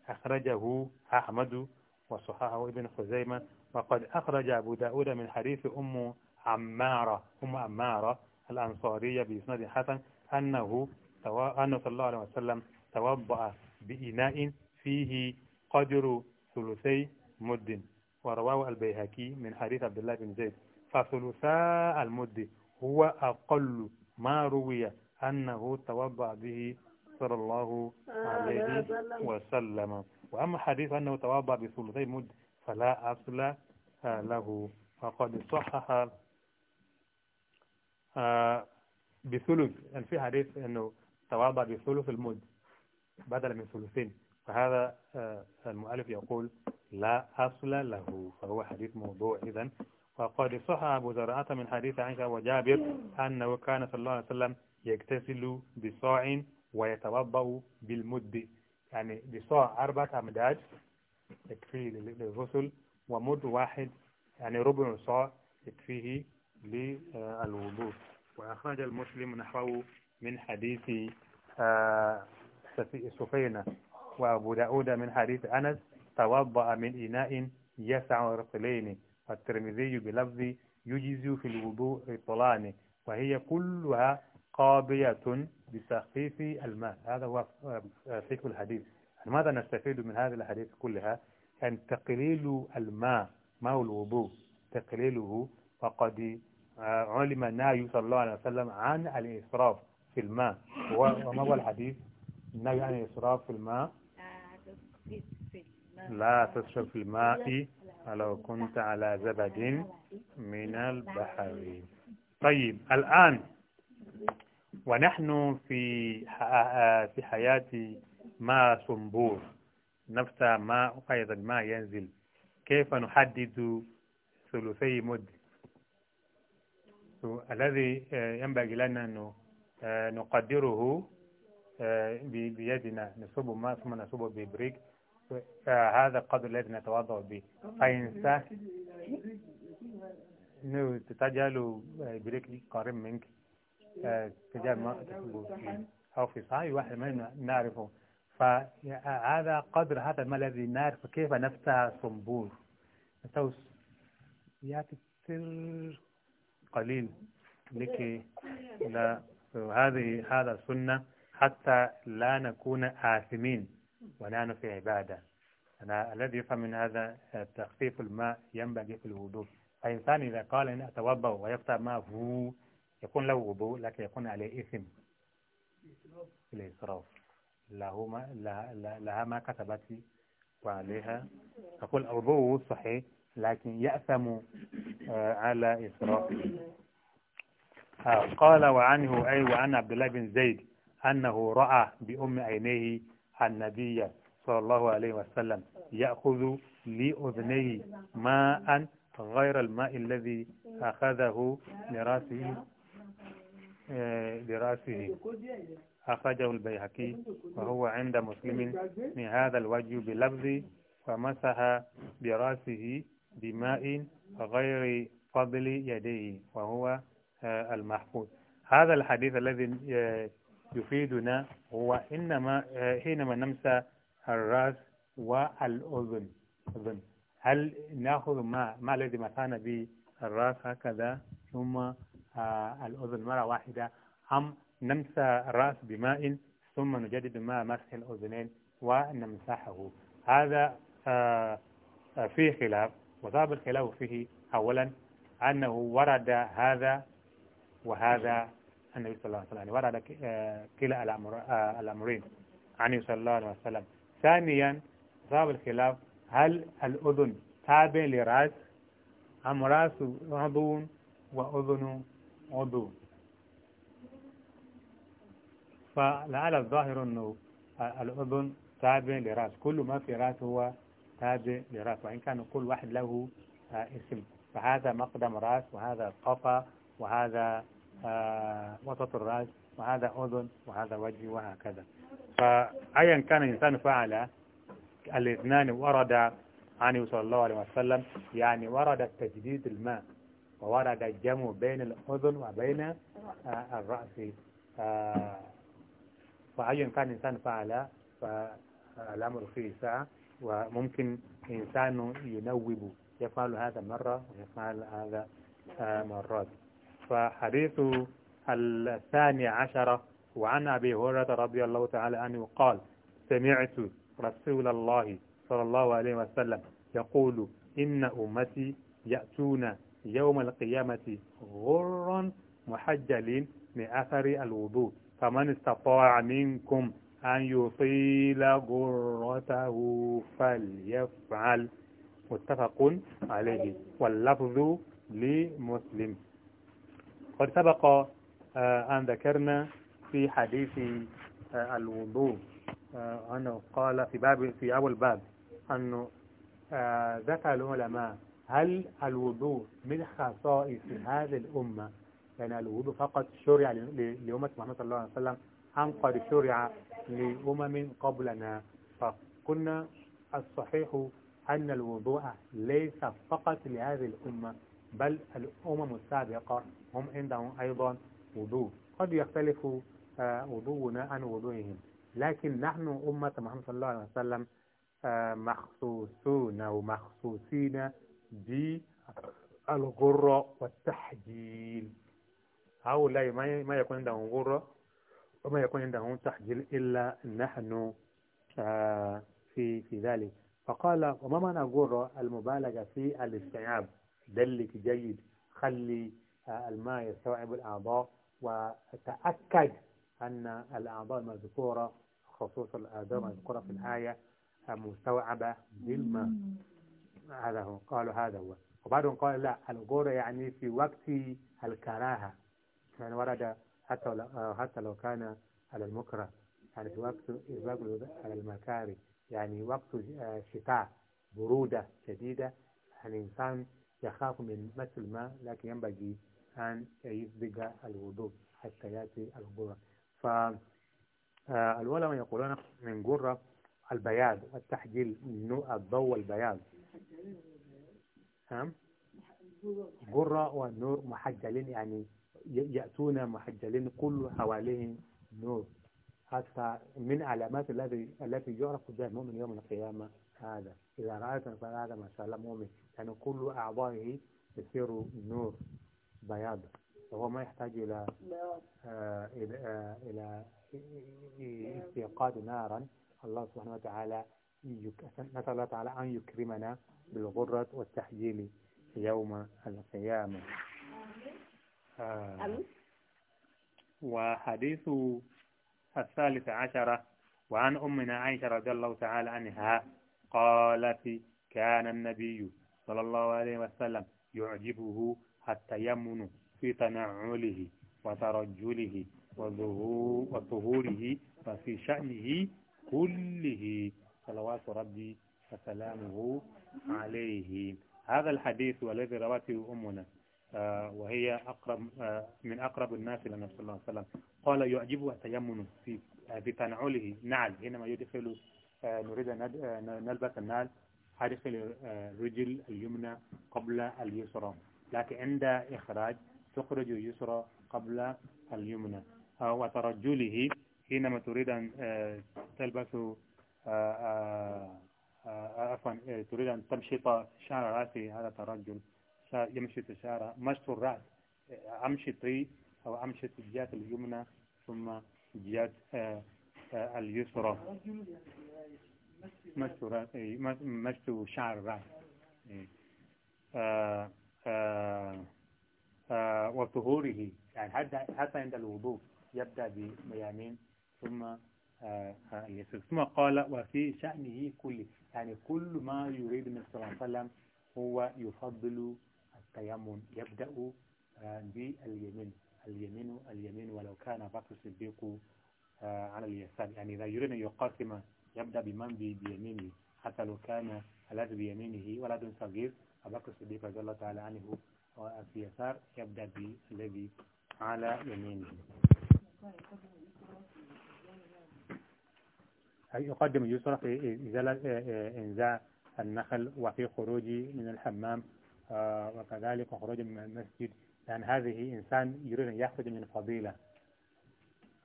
أخرجه أحمد وصححه ابن خزيمة وقد أخرج أبو داود من حديث أمه عمارة أم عمارة الأنصارية بإسناد حسن أنه توا... أن صلى الله عليه وسلم توضأ بإناء فيه قدر ثلثي مد ورواه البيهكي من حديث عبد الله بن زيد فثلثاء المد هو أقل ما روي أنه توضأ به صلى الله عليه آه، وسلم وأما حديث أنه توضأ بثلثي مد فلا أصل له فقد صحح آه، بثلث يعني في حديث أنه تواضع بثلث المد بدلا من ثلثين فهذا آه، المؤلف يقول لا أصل له فهو حديث موضوع إذا وقد صح أبو زرعة من حديث عائشة وجابر أنه كان صلى الله عليه وسلم يغتسل بصاع ويتوضأ بالمد يعني بصاع أربعة أمداد يكفيه للغسل ومد واحد يعني ربع صاع يكفيه للوضوء وأخرج المسلم نحوه من حديث آه، سفينة وأبو داود من حديث أنس توضأ من إناء يسع رسلين والترمذي بلفظ يجز في الوضوء طلان وهي كلها قاضية بتخفيف الماء هذا هو آه، فكر الحديث ماذا نستفيد من هذه الحديث كلها أن تقليل الماء ما هو الوضوء تقليله فقد علم النبي صلى الله عليه وسلم عن الإسراف في الماء وما هو الحديث النبي عن الإسراف في الماء لا تشرب في الماء ولو كنت على زبد من البحر طيب الآن ونحن في آه، في حياة ماء صنبور نفس ماء أيضا ماء ينزل كيف نحدد ثلثي مده الذي آه، ينبغي لنا أن آه، نقدره آه، بيدنا نصب ما ثم نصبه ببريك هذا القدر الذي نتوضا به إنسان تجعل بريك قريب منك تجعل ماء أو في صحيح واحد ما نعرفه فهذا قدر هذا ما الذي نعرف كيف نفتح صنبور نفتح يأتي قليل لكي لا هذه هذا السنة حتى لا نكون آثمين ونحن في عبادة أنا الذي يفهم من هذا تخفيف الماء ينبغي في الوضوء فإنسان إذا قال إن أتوضأ ويفتح ماء يكون له وضوء لكن يكون عليه إثم الإسراف له ما لها ما كتبت وعليها تقول الوضوء صحيح لكن يأثم آه، على إسرافه آه، قال وعنه أي وعن عبد الله بن زيد أنه رأى بأم عينيه النبي صلى الله عليه وسلم يأخذ لأذنيه ماء غير الماء الذي أخذه لراسه آه، لراسه أخرجه البيهقي وهو عند مسلم من هذا الوجه بلفظ فمسح براسه بماء غير فضل يديه وهو آه، المحفوظ هذا الحديث الذي آه، يفيدنا هو إنما آه، حينما نمسى الرأس والأذن أذن هل نأخذ ما ما الذي مسانا به الرأس هكذا ثم الأذن مرة واحدة أم نمسى الرأس بماء ثم نجدد ماء مسح الأذنين ونمسحه هذا فيه خلاف وذهب الخلاف فيه أولا أنه ورد هذا وهذا النبي صلى الله عليه وسلم يعني ورد آه، كلا آه، الأمرين النبي صلى الله عليه وسلم ثانيا ذهب الخلاف هل الأذن تابع لرأس أم رأس عضو وأذن عضو فلعل الظاهر أنه الأذن تابع لرأس كل ما في رأس هو تابع لرأس وإن كان كل واحد له آه، اسم فهذا مقدم رأس وهذا قفا وهذا آه، وسط الرأس وهذا أذن وهذا وجه وهكذا فأيا كان الإنسان فعل الاثنان ورد عنه صلى الله عليه وسلم يعني ورد تجديد الماء وورد الجمع بين الأذن وبين آه، الرأس فأيا كان الإنسان فعل فالأمر فيه ساعة وممكن إنسان ينوب يفعل هذا مرة ويفعل هذا آه، مرات فحديث الثاني عشر وعن أبي هريرة رضي الله تعالى عنه قال سمعت رسول الله صلى الله عليه وسلم يقول إن أمتي يأتون يوم القيامة غرا محجلين من أثر الوضوء فمن استطاع منكم أن يطيل غرته فليفعل متفق عليه واللفظ لمسلم قد سبق آه، أن ذكرنا في حديث آه، الوضوء آه، أنه قال في باب في أول باب أنه ذكر العلماء هل الوضوء من خصائص هذه الأمة يعني الوضوء فقط شرع لأمة محمد صلى الله عليه وسلم أم قد شرع لأمم قبلنا فقلنا الصحيح أن الوضوء ليس فقط لهذه الأمة بل الأمم السابقة هم عندهم أيضا وضوء قد يختلف آه، وضوءنا عن وضوءهم لكن نحن أمة محمد صلى الله عليه وسلم آه، مخصوصون ومخصوصين بالغرة والتحجيل هؤلاء ما يكون عندهم غرة وما يكون عندهم تحجيل إلا نحن آه، في في ذلك فقال وما معنى قرة المبالغة في الاستيعاب دلك جيد خلي آه، الماء يستوعب الأعضاء وتأكد أن الأعضاء المذكورة خصوصا الأعضاء المذكورة في الآية آه، مستوعبة بالماء هذا هو قالوا هذا هو وبعضهم قال لا القرة يعني في وقت الكراهة يعني ورد حتى لو, آه، حتى لو كان على المكره يعني في وقت الرجل على المكاره يعني وقت آه، شتاء برودة شديدة يعني الإنسان يخاف من مس الماء لكن ينبغي أن يسبق الوضوء حتى يأتي الغرة فالعلماء آه، يقولون من غرة البياض والتحجيل نوع الضوء والبياض نعم؟ غرة والنور محجلين يعني يأتون محجلين كل حواليهم نور حتى من علامات الذي التي يعرف بها المؤمن يوم القيامة هذا إذا رأيت هذا ما شاء الله مؤمن يعني كل أعضائه يصير نور بياض وهو ما يحتاج إلى آه إلى آه إلى استيقاظ نارا الله سبحانه وتعالى نسأل الله تعالى أن يكرمنا بالغرة والتحجيل يوم القيامة آه، وحديث الثالث عشرة وعن أمنا عائشة رضي الله تعالى عنها قالت كان النبي صلى الله عليه وسلم يعجبه التيمن في تنعله وترجله وظهوره وفي شأنه كله صلوات ربي وسلامه عليه هذا الحديث والذي رواته أمنا آه، وهي أقرب آه، من أقرب الناس إلى النبي صلى الله عليه وسلم قال يعجبه التيمم في آه، بتنعله نعل حينما يدخل نريد أن نلبس النعل أدخل الرجل اليمنى قبل اليسرى لكن عند إخراج تخرج اليسرى قبل اليمنى وترجله حينما تريد أن تلبس عفوا تريد أن تمشط شعر رأسه هذا ترجل يمشي في الشارع مشط الرأس أمشطي أو أمشط الجهة اليمنى ثم جهة آه، آه، اليسرى مشط رأس إيه، شعر الرأس إيه. آه، وطهوره يعني حتى حتى عند الوضوء يبدأ بيمين ثم اليسر ثم قال وفي شأنه كله يعني كل ما يريد من صلى الله عليه وسلم هو يفضل التيمم يبدأ آه، باليمين اليمين اليمين ولو كان بكر الصديق آه، على اليسار يعني إذا يريد أن يقاسم يبدأ بمن بيمينه حتى لو كان الذي بيمينه ولد صغير أبكر الصديق رضي الله تعالى عنه في يسار يبدأ بالذي على يمينه يقدم يسرى في إزالة آه، إنزاع النخل وفي خروجي من الحمام وكذلك خروج من المسجد لأن هذه إنسان يريد أن يخرج من الفضيلة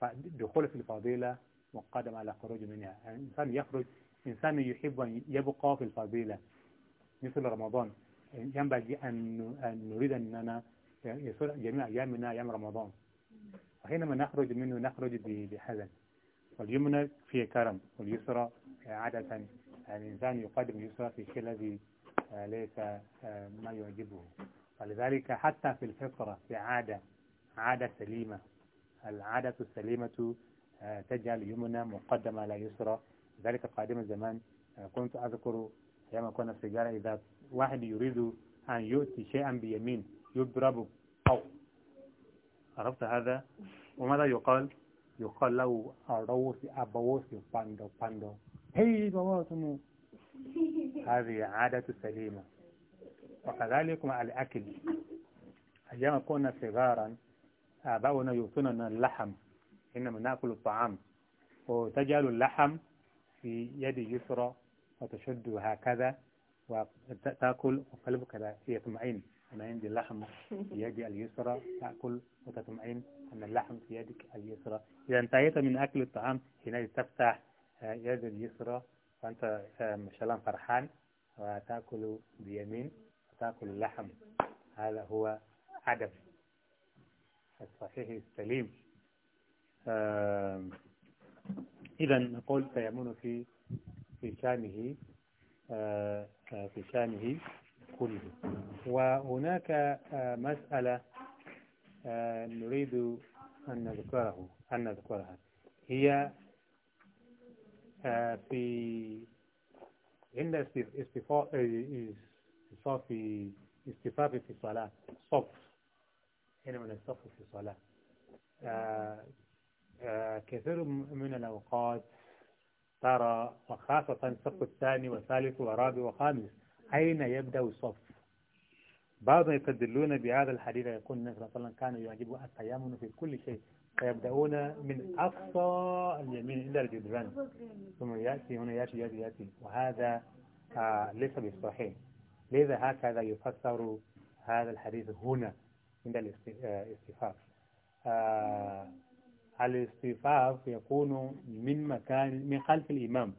فدخول في الفضيلة مقدم على خروج منها يعني إنسان يخرج إنسان يحب أن يبقى في الفضيلة مثل رمضان ينبغي أن نريد أننا يصل جميع أيامنا أيام رمضان وحينما نخرج منه نخرج بحزن واليمنى فيه كرم واليسرى عادة يعني الإنسان يقدم اليسرى في كل ذي آه، ليس آه، ما يعجبه ولذلك حتى في الفطرة في عادة عادة سليمة العادة السليمة آه، تجعل يمنى مقدمة على يسرى ذلك قادم الزمان كنت أذكر أيام كنا في السجارة إذا واحد يريد أن يؤتي شيئا بيمين يضرب أو عرفت هذا وماذا يقال يقال له أروسي أبوسي باندو باندو هي بابا هذه عادة سليمة وكذلك مع الأكل أيام كنا صغارا آباؤنا يوصلنا اللحم إنما نأكل الطعام وتجعل اللحم في يد يسرى وتشد هكذا وتأكل وقلبك كذا يطمئن أنا عندي اللحم في يدي اليسرى تأكل وتطمئن أن اللحم في يدك اليسرى إذا انتهيت من أكل الطعام حين تفتح آه، يد اليسرى فأنت ما شاء الله فرحان وتأكل بيمين وتأكل اللحم هذا هو عدم الصحيح السليم آه، إذا نقول فيمون في في شانه آه، في شانه كله وهناك آه، مسألة نريد أن نذكره أن نذكرها هي في عند استفاء في استفاء في الصلاة صف هنا من الصف في الصلاة كثير من الأوقات ترى وخاصة الصف الثاني والثالث والرابع والخامس أين يبدأ الصف بعض يستدلون بهذا الحديث يقول النبي صلى الله عليه وسلم كان يعجب التيامن في كل شيء فيبدأون من أقصى اليمين إلى الجدران ثم يأتي هنا يأتي يأتي يأتي وهذا آه ليس بالصحيح لذا هكذا يفسر هذا الحديث هنا عند آه، الاستفاف آه الاستفاف يكون من مكان من خلف الإمام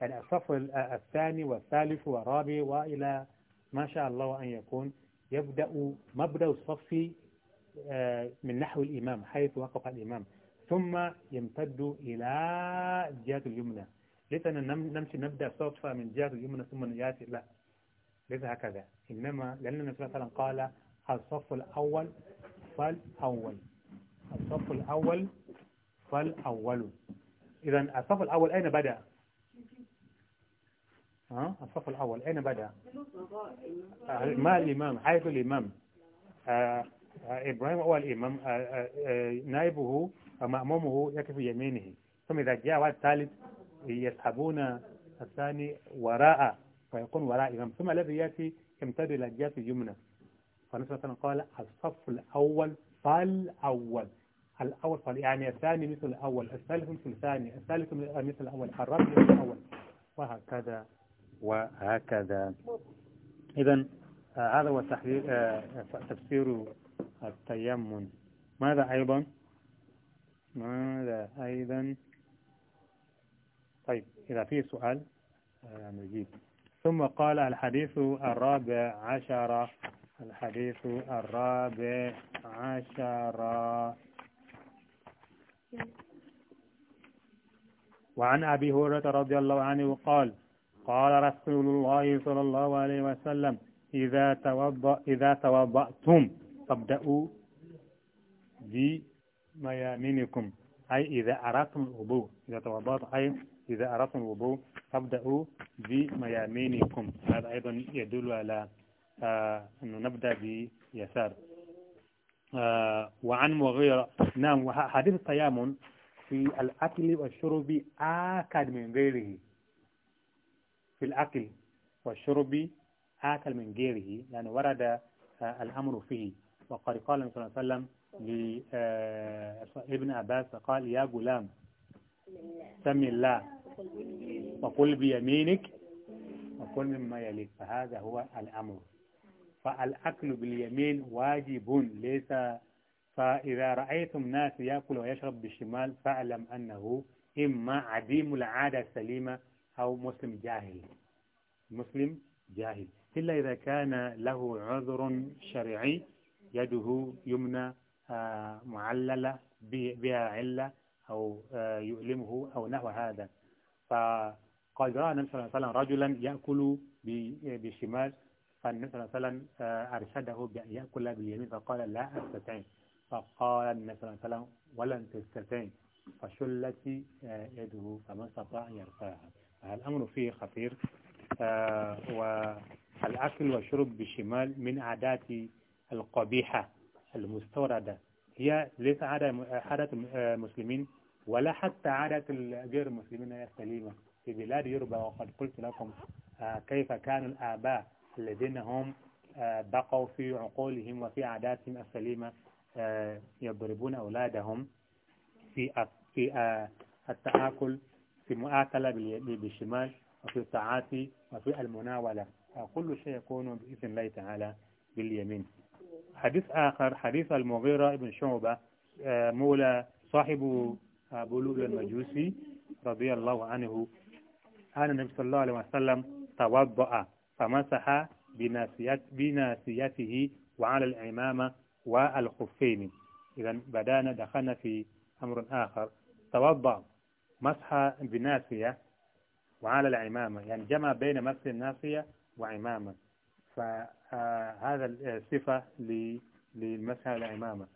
يعني الصف الثاني والثالث والرابع وإلى ما شاء الله أن يكون يبدأ مبدأ الصف آه، من نحو الإمام حيث وقف الإمام ثم يمتد إلى الجهة اليمنى ليس أن نمشي نبدأ صدفة من جهة اليمنى ثم نجاتي لا ليس هكذا إنما لأن النبي صلى الله عليه قال الصف الأول فالأول الصف الأول فالأول إذا الصف الأول أين بدأ؟ ها الصف الأول أين بدأ؟ ما آه، الإمام حيث الإمام آه آه، إبراهيم هو الإمام آه، آه، نائبه مأمومه يقف يمينه ثم إذا جاء واحد ثالث يسحبون الثاني وراء فيكون وراء إمام ثم الذي يأتي يمتد إلى الجهة اليمنى فنسبة قال الصف الأول فالأول الأول فال يعني الثاني مثل الأول الثالث مثل الثاني الثالث مثل الأول الرابع مثل الأول وهكذا وهكذا إذا هذا هو تفسير التيمم ماذا أيضا ماذا أيضا طيب إذا في سؤال آه، نجيب ثم قال الحديث الرابع عشر الحديث الرابع عشر وعن أبي هريرة رضي الله عنه قال قال رسول الله صلى الله عليه وسلم إذا توضأ إذا توضأتم فابدأوا بميامينكم أي إذا أردتم الوضوء إذا توضأت أي إذا أردتم الوضوء فابدأوا بميامينكم هذا أيضا يدل على آه، أنه نبدأ بيسار آه، وعن مغيرة نعم وحديث التيامن في الأكل والشرب آكد من غيره في الأكل والشرب آكل من غيره لأنه يعني ورد آه، الأمر فيه وقد قال النبي صلى الله عليه وسلم لابن آه، عباس قال يا غلام سم الله وقل بيمينك وكل مما يليك فهذا هو الأمر فالأكل باليمين واجب ليس فإذا رأيتم ناس يأكل ويشرب بالشمال فاعلم أنه إما عديم العادة السليمة أو مسلم جاهل مسلم جاهل إلا إذا كان له عذر شرعي يده يمنى آه، معللة بها علة أو آه، يؤلمه أو نحو هذا فقد رأى النبي صلى الله عليه وسلم رجلا يأكل بالشمال فالنبي صلى الله عليه وسلم آه، أرشده بأن يأكل باليمين فقال لا أستطيع فقال النبي صلى الله عليه وسلم ولن تستطيع فشلت يده فما استطاع يرفعها الأمر فيه خطير والأكل والشرب بالشمال من عادات القبيحة المستوردة هي ليس عادة عادة المسلمين ولا حتى عادة غير المسلمين هي سليمة في بلاد يوروبا وقد قلت لكم آه، كيف كان الآباء الذين هم آه، بقوا في عقولهم وفي عاداتهم السليمة آه، يضربون أولادهم في في التآكل في مؤاكلة بالشمال وفي التعاطي وفي المناولة كل شيء يكون بإذن الله تعالى باليمين حديث آخر حديث المغيرة بن شعبة آه، مولى صاحب أبو المجوسي رضي الله عنه أن النبي صلى الله عليه وسلم توضأ فمسح بناسيت بناسيته وعلى العمامة والخفين إذا بدأنا دخلنا في أمر آخر توضأ مسح بناسية وعلى العمامة يعني جمع بين مسح الناسية وعمامة ف هذا الصفة للمسح على العمامة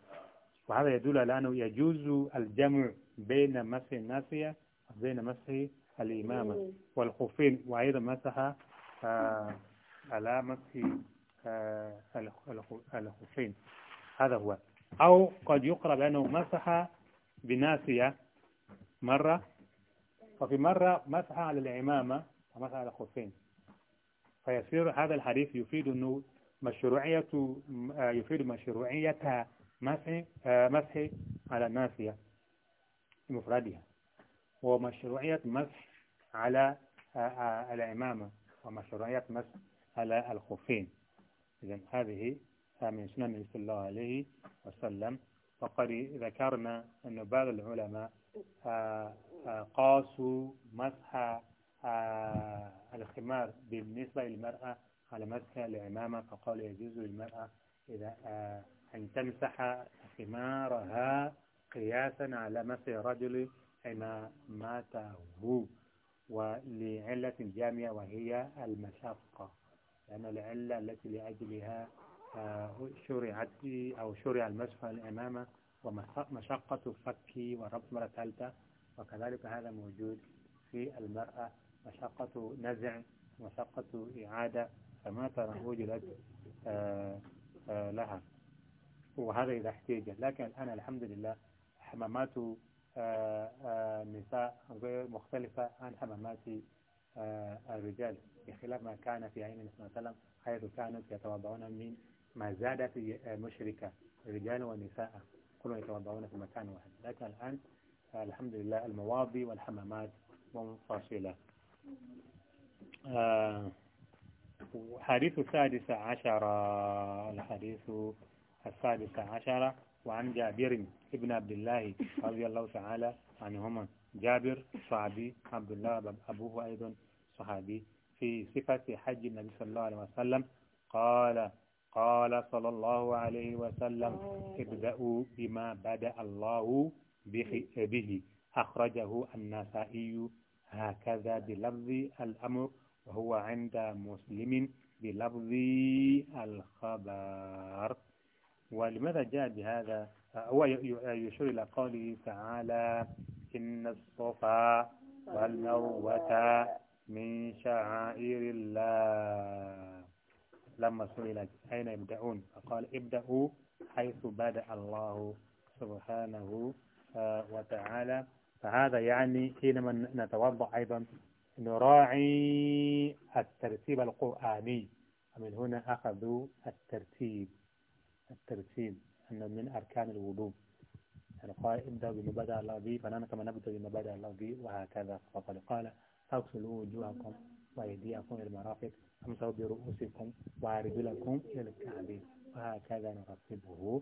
وهذا يدل على أنه يجوز الجمع بين مسح الناسية وبين مسح الإمامة والخفين وأيضا مسح آه، على مسح آه، الخفين هذا هو أو قد يقرأ بأنه مسح بناسية مرة وفي مرة مسح على العمامة ومسح على الخفين فيصير هذا الحديث يفيد أنه مشروعية آه، يفيد مشروعية مسح آه، مسح على الناسية بمفردها ومشروعية مسح على آه، العمامة ومشروعية مسح على الخفين إذا هذه من سنن صلى الله عليه وسلم وقد ذكرنا أن بعض العلماء قاسوا مسح آه، الخمار بالنسبة للمرأة على مسح العمامة فقال يجوز للمرأة إذا آه، أن تمسح خمارها قياسا على مسح الرجل عمامته ولعلة جامعة وهي المشقة لأن يعني العلة التي لأجلها آه، شرعت أو شرع المسح الأمامة ومشقة فك وربط مرة ثالثة وكذلك هذا موجود في المرأة مشقة نزع مشقة إعادة فما ترى وجدت آه، آه، لها وهذا إذا احتاج لكن الآن الحمد لله حمامات النساء آه، غير مختلفة عن حمامات الرجال بخلاف ما كان في عين النبي صلى الله عليه وسلم حيث كانت يتوضعون من ما في مشركة رجال ونساء كلهم يتوضعون في مكان واحد لكن الآن الحمد لله المواضي والحمامات منفصلة آه، حديث السادس عشر الحديث السادس عشر وعن جابر ابن عبد الله رضي الله تعالى عنهما جابر صحابي عبد الله أبوه أيضا صحابي في صفة حج النبي صلى الله عليه وسلم قال قال صلى الله عليه وسلم ابدأوا بما بدأ الله به أخرجه النسائي هكذا بلفظ الأمر وهو عند مسلم بلفظ الخبر ولماذا جاء بهذا هو يشير إلى قوله تعالى إن الصفا والمروة من شعائر الله لما سئل أين يبدأون فقال ابدأوا حيث بدأ الله سبحانه آه، وتعالى فهذا يعني حينما نتوضأ أيضا نراعي الترتيب القرآني ومن هنا أخذوا الترتيب الترتيب أن من أركان الوضوء يعني قال ابدأ بما بدأ الله به فنحن كما نبدأ بما بدأ الله به وهكذا فقد قال أغسلوا وجوهكم وأيديكم إلى المرافق أمسوا برؤوسكم وأرجلكم إلى الكعبين وهكذا نرتبه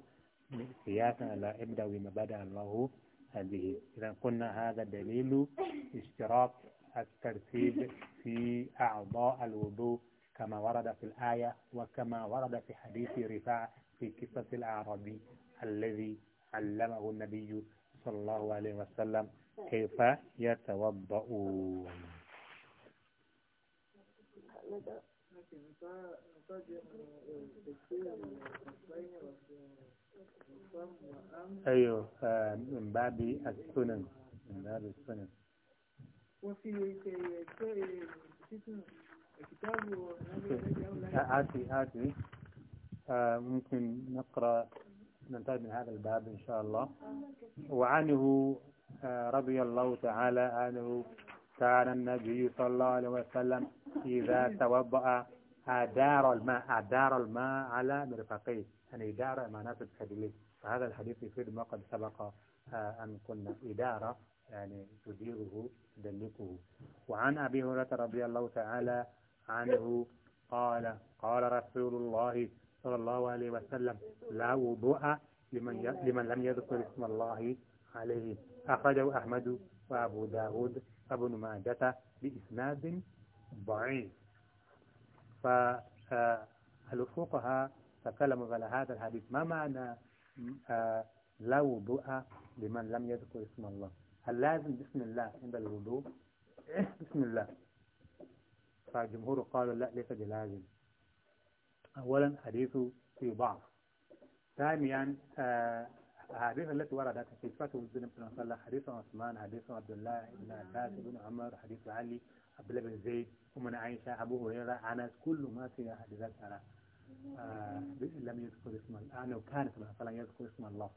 سياسة لا ابدأ بما بدأ الله هذه إذا قلنا هذا دليل اشتراط الترتيب في أعضاء الوضوء كما ورد في الآية وكما ورد في حديث رفاعة في قصة الأعرابي الذي علمه النبي صلى الله عليه وسلم كيف يتوضؤون أيوه من باب السنن من باب السنن وفي كتاب آه، آتي آتي آه، ممكن نقرأ ننتهي من هذا الباب إن شاء الله وعنه آه، رضي الله تعالى عنه كان النبي صلى الله عليه وسلم إذا توضأ أدار الماء أدار الماء على مرفقيه إدارة أمانات الخدمين فهذا الحديث يفيد ما قد سبق آه، أن قلنا إدارة يعني تديره تدلكه وعن أبي هريرة رضي الله تعالى عنه قال قال رسول الله صلى الله عليه وسلم لا وضوء لمن, لمن لم يذكر اسم الله عليه أخرجه أحمد وأبو داود وابن ماجة بإسناد ضعيف فالفقهاء آه، تكلم على هذا الحديث ما معنى آه، لا وضوء لمن لم يذكر اسم الله هل لازم بسم الله عند الوضوء إيه، بسم الله فالجمهور قالوا لا ليس بلازم أولا حديثه في بعض ثانيا آه، الأحاديث التي وردت في صفات وجود النبي صلى الله عليه وسلم حديث عثمان حديث عبد الله بن عباس بن عمر حديث علي عبد الله بن زيد ومن عائشة أبو هريرة أنس كل ما فيها حديثات ثلاثة آه، لم يذكر اسم أنه آه، كان فلن يذكر اسم الله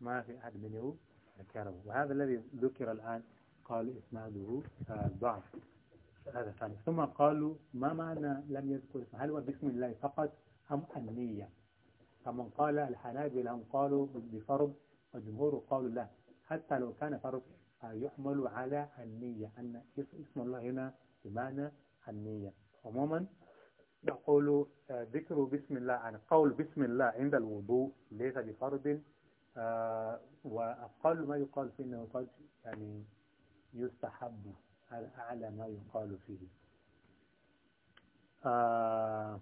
ما في أحد منه ذكره وهذا الذي ذكر الآن قال إسناده آه، ضعف هذا ثاني ثم قالوا ما معنى لم يذكر اسم هل هو باسم الله فقط أم النية فمن قال الحنابلة هم قالوا بفرض والجمهور قالوا لا حتى لو كان فرض يحمل على النية أن اسم الله هنا بمعنى النية عموما يقول آه، ذكر بسم الله عن يعني قول بسم الله عند الوضوء ليس بفرض آه، وأقل ما يقال فيه أنه قد يعني يستحب أعلى ما يقال فيه آه،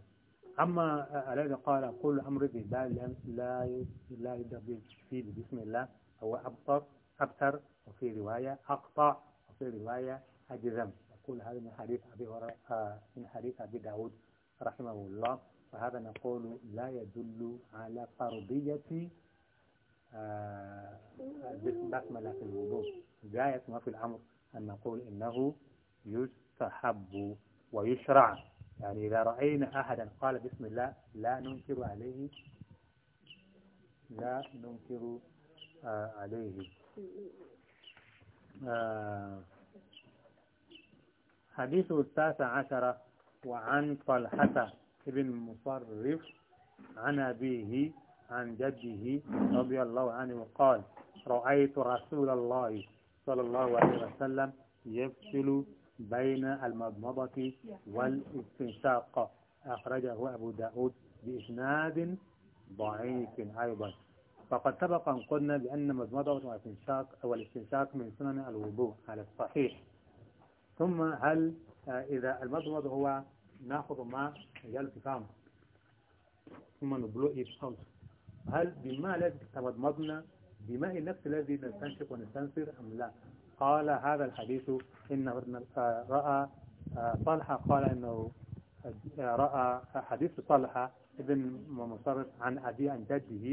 أما الذي قال كل أمر ببال لا لا يدب فيه بسم الله هو أبطر أبتر وفي رواية أقطع وفي رواية أجزم يقول هذا من حديث أبي من حديث أبي داود رحمه الله فهذا نقول لا يدل على فرضية آه، بسملة في الوضوء غاية ما في الأمر أن نقول إنه يستحب ويشرع يعني إذا رأينا أحدا قال بسم الله لا ننكر عليه لا ننكر آه، عليه آه، حديث التاسع عشر وعن طلحة بن مصرف عن أبيه عن جده رضي الله عنه قال رأيت رسول الله صلى الله عليه وسلم يفصل بين المضمضة والاستنشاق أخرجه أبو داود بإسناد ضعيف أيضا فقد سبق أن قلنا بأن مضمضة والاستنشاق والاستنشاق من سنن الوضوء على الصحيح ثم هل آه، إذا المضمض هو ناخذ ما يجعله تفاهم ثم نبلوه إيه بالصمت هل بما الذي تمضمضنا بماء النفس الذي نستنشق ونستنصر أم لا قال هذا الحديث إن آه، رأى آه، طلحة قال إنه آه، رأى حديث طلحة ابن مصرف عن أبي عن جده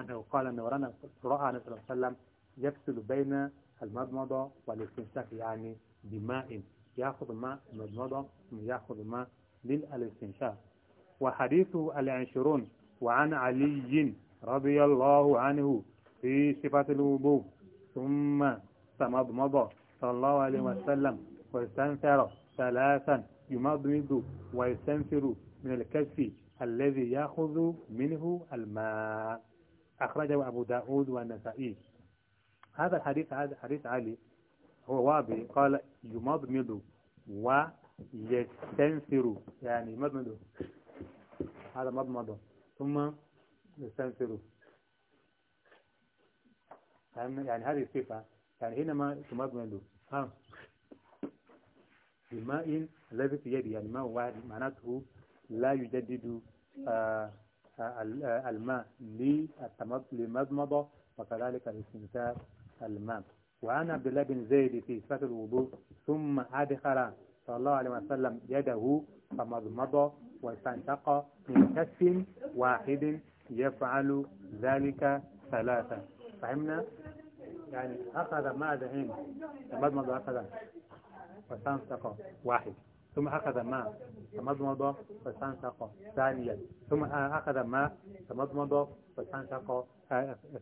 أنه قال أنه رأى النبي صلى الله عليه وسلم يفصل بين المضمضة والاستنشاق يعني بماء يأخذ ماء المضمضة ثم يأخذ ماء للاستنشاق وحديثه العشرون وعن علي رضي الله عنه في صفة الوضوء ثم تمضمض صلى الله عليه وسلم واستنثر ثلاثا يمضمض ويستنثر من الكف الذي يأخذ منه الماء أخرجه أبو داود والنسائي هذا الحديث هذا حديث علي هو وابي قال يمضمض و يستنفروا يعني مضمضه هذا مضمضه ثم يستنفروا يعني, يعني هذه الصفة يعني حينما تمضمض ها الماء الذي في يدي يعني ماء واحد معناته لا يجدد آه، آه، آه، الماء للمضمضة وكذلك الاستنثار الماء وعن عبد الله بن زيد في صفة الوضوء ثم أدخل صلى الله عليه وسلم يده فمضمض واستنشق من كف واحد يفعل ذلك ثلاثة فهمنا؟ يعني أخذ ماء هنا؟ فمضمض أخذ واستنشق واحد ثم أخذ ماء فمضمض واستنشق ثانيا ثم أخذ ماء فمضمض واستنشق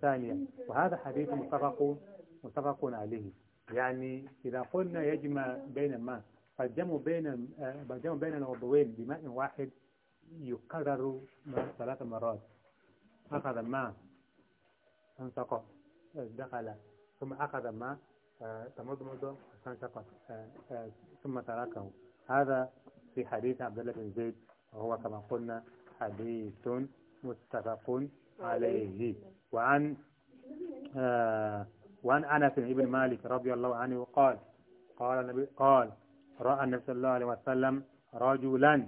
ثانيا وهذا حديث متفق متفق عليه يعني إذا قلنا يجمع بين الماء قدموا بين الجمع آه، بين العضوين بماء واحد يكرر ثلاث مرات أخذ الماء انسقط دخل ثم أخذ الماء آه، تمضمض مضى آه، ثم تركه هذا في حديث عبد الله بن زيد وهو كما قلنا حديث متفق عليه وعن وعن أنس بن مالك رضي الله عنه قال قال النبي قال رأى النبي صلى الله عليه وسلم رجلا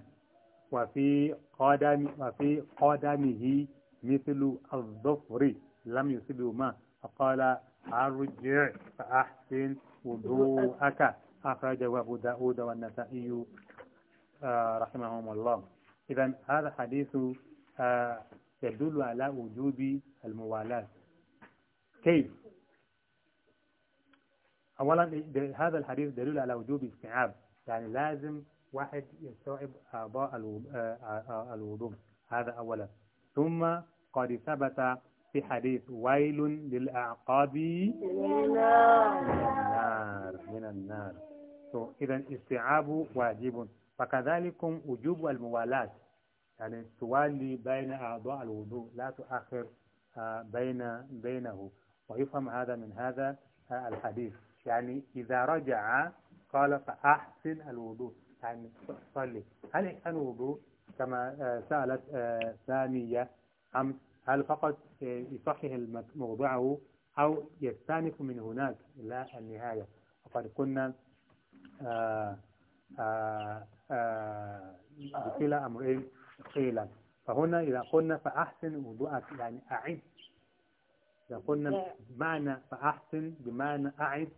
وفي قدم وفي قدمه مثل الظفر لم يصبه ما فقال ارجع فأحسن وضوءك أخرجه أبو داود والنسائي آه، رحمهم الله إذا هذا حديث آه، يدل على وجوب الموالاة كيف أولا هذا الحديث دليل على وجوب استيعاب يعني لازم واحد يستوعب أعضاء آه، الوضوء هذا أولا ثم قد ثبت في حديث ويل للأعقاب من النار من النار إذا استيعاب واجب فكذلك وجوب الموالاة يعني توالي بين أعضاء الوضوء لا تؤخر آه، بين بينه ويفهم هذا من هذا آه، الحديث يعني إذا رجع قال فأحسن الوضوء يعني صلي هل أحسن الوضوء كما آه، سألت آه، ثانية أم هل فقط آه، يصحح موضعه أو يستانف من هناك إلى النهاية وقد كنا بكلا أمرين قيلا فهنا إذا قلنا فأحسن وضوءك يعني أعد إذا قلنا معنى فأحسن بمعنى أعد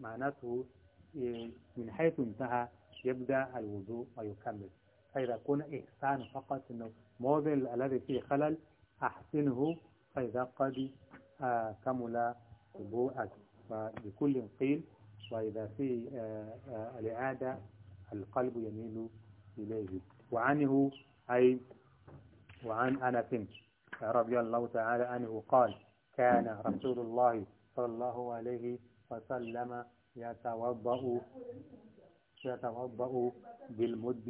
معناته إيه، من حيث انتهى يبدأ الوضوء ويكمل فإذا كان إحسان فقط أنه موضع الذي فيه خلل أحسنه فإذا قد آه، كمل وضوءك فبكل قيل وإذا في آه، آه، الإعادة القلب يميل إليه وعنه أي وعن أنس رضي الله تعالى عنه قال كان رسول الله صلى الله عليه وسلم فسلم يتوضأ يتوضأ بالمد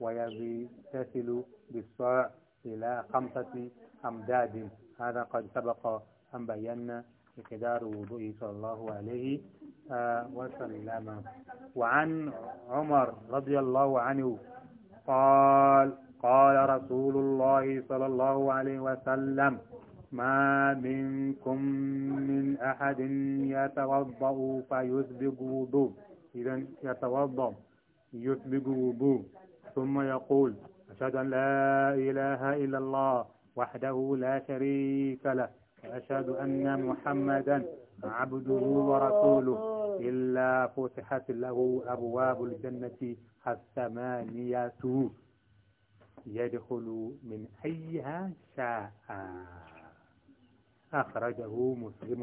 ويغتسل بالصاع إلى خمسة أمداد هذا قد سبق أن بينا مقدار وضوءه صلى الله عليه آه، وسلم وعن عمر رضي الله عنه قال قال رسول الله صلى الله عليه وسلم ما منكم من أحد يتوضأ فيسبق وضوء إذا يتوضأ يسبق وضوء ثم يقول أشهد أن لا إله إلا الله وحده لا شريك له وأشهد أن محمدا عبده ورسوله إلا فتحت له أبواب الجنة الثمانية يدخل من أيها شاء أخرجه مسلم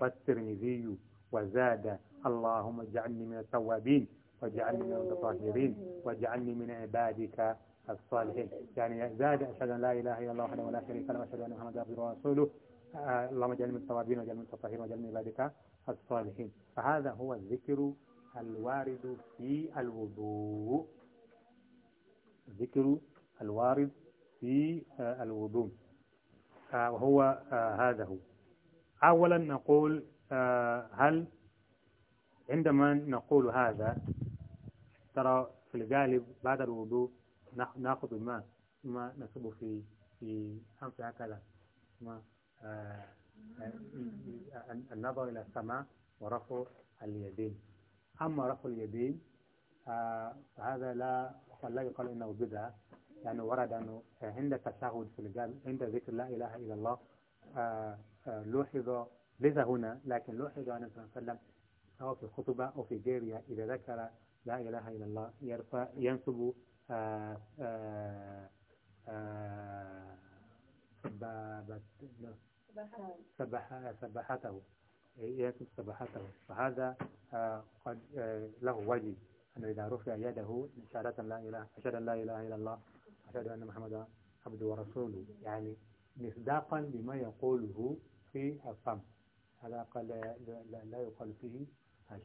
والترمذي وزاد اللهم اجعلني من التوابين واجعلني من المتطهرين واجعلني من عبادك الصالحين يعني زاد أشهد أن لا إله إلا الله وحده ولا شريك له وأشهد أن محمدا عبده ورسوله آه، اللهم اجعلني من التوابين واجعلني من المتطهرين واجعلني من عبادك الصالحين فهذا هو الذكر الوارد في الوضوء ذكر الوارد في آه، الوضوء وهو آه، آه، هذا هو أولا نقول آه، هل عندما نقول هذا ترى في الغالب بعد الوضوء ناخذ الماء ما نصب في في أنف هكذا ما النظر إلى السماء ورفع اليدين أما رفع اليدين فهذا لا لا يقال إنه بدعة يعني ورد أنه عند التشهد في الجامع عند ذكر لا إله إلا الله آه، آه، لوحظ لذا هنا لكن لوحظ أن صلى الله عليه وسلم سواء في الخطبة أو في غيرها إذا ذكر لا إله إلا الله يرفع ينسب آه، سبحته ينسب سبحته فهذا قد له وجه أنه إذا رفع يده إشارة لا إله إشارة لا إله إلا الله أشهد أن محمدا عبده ورسوله يعني مصداقا لما يقوله في الصمت هذا قال لا, لا, لا يقال فيه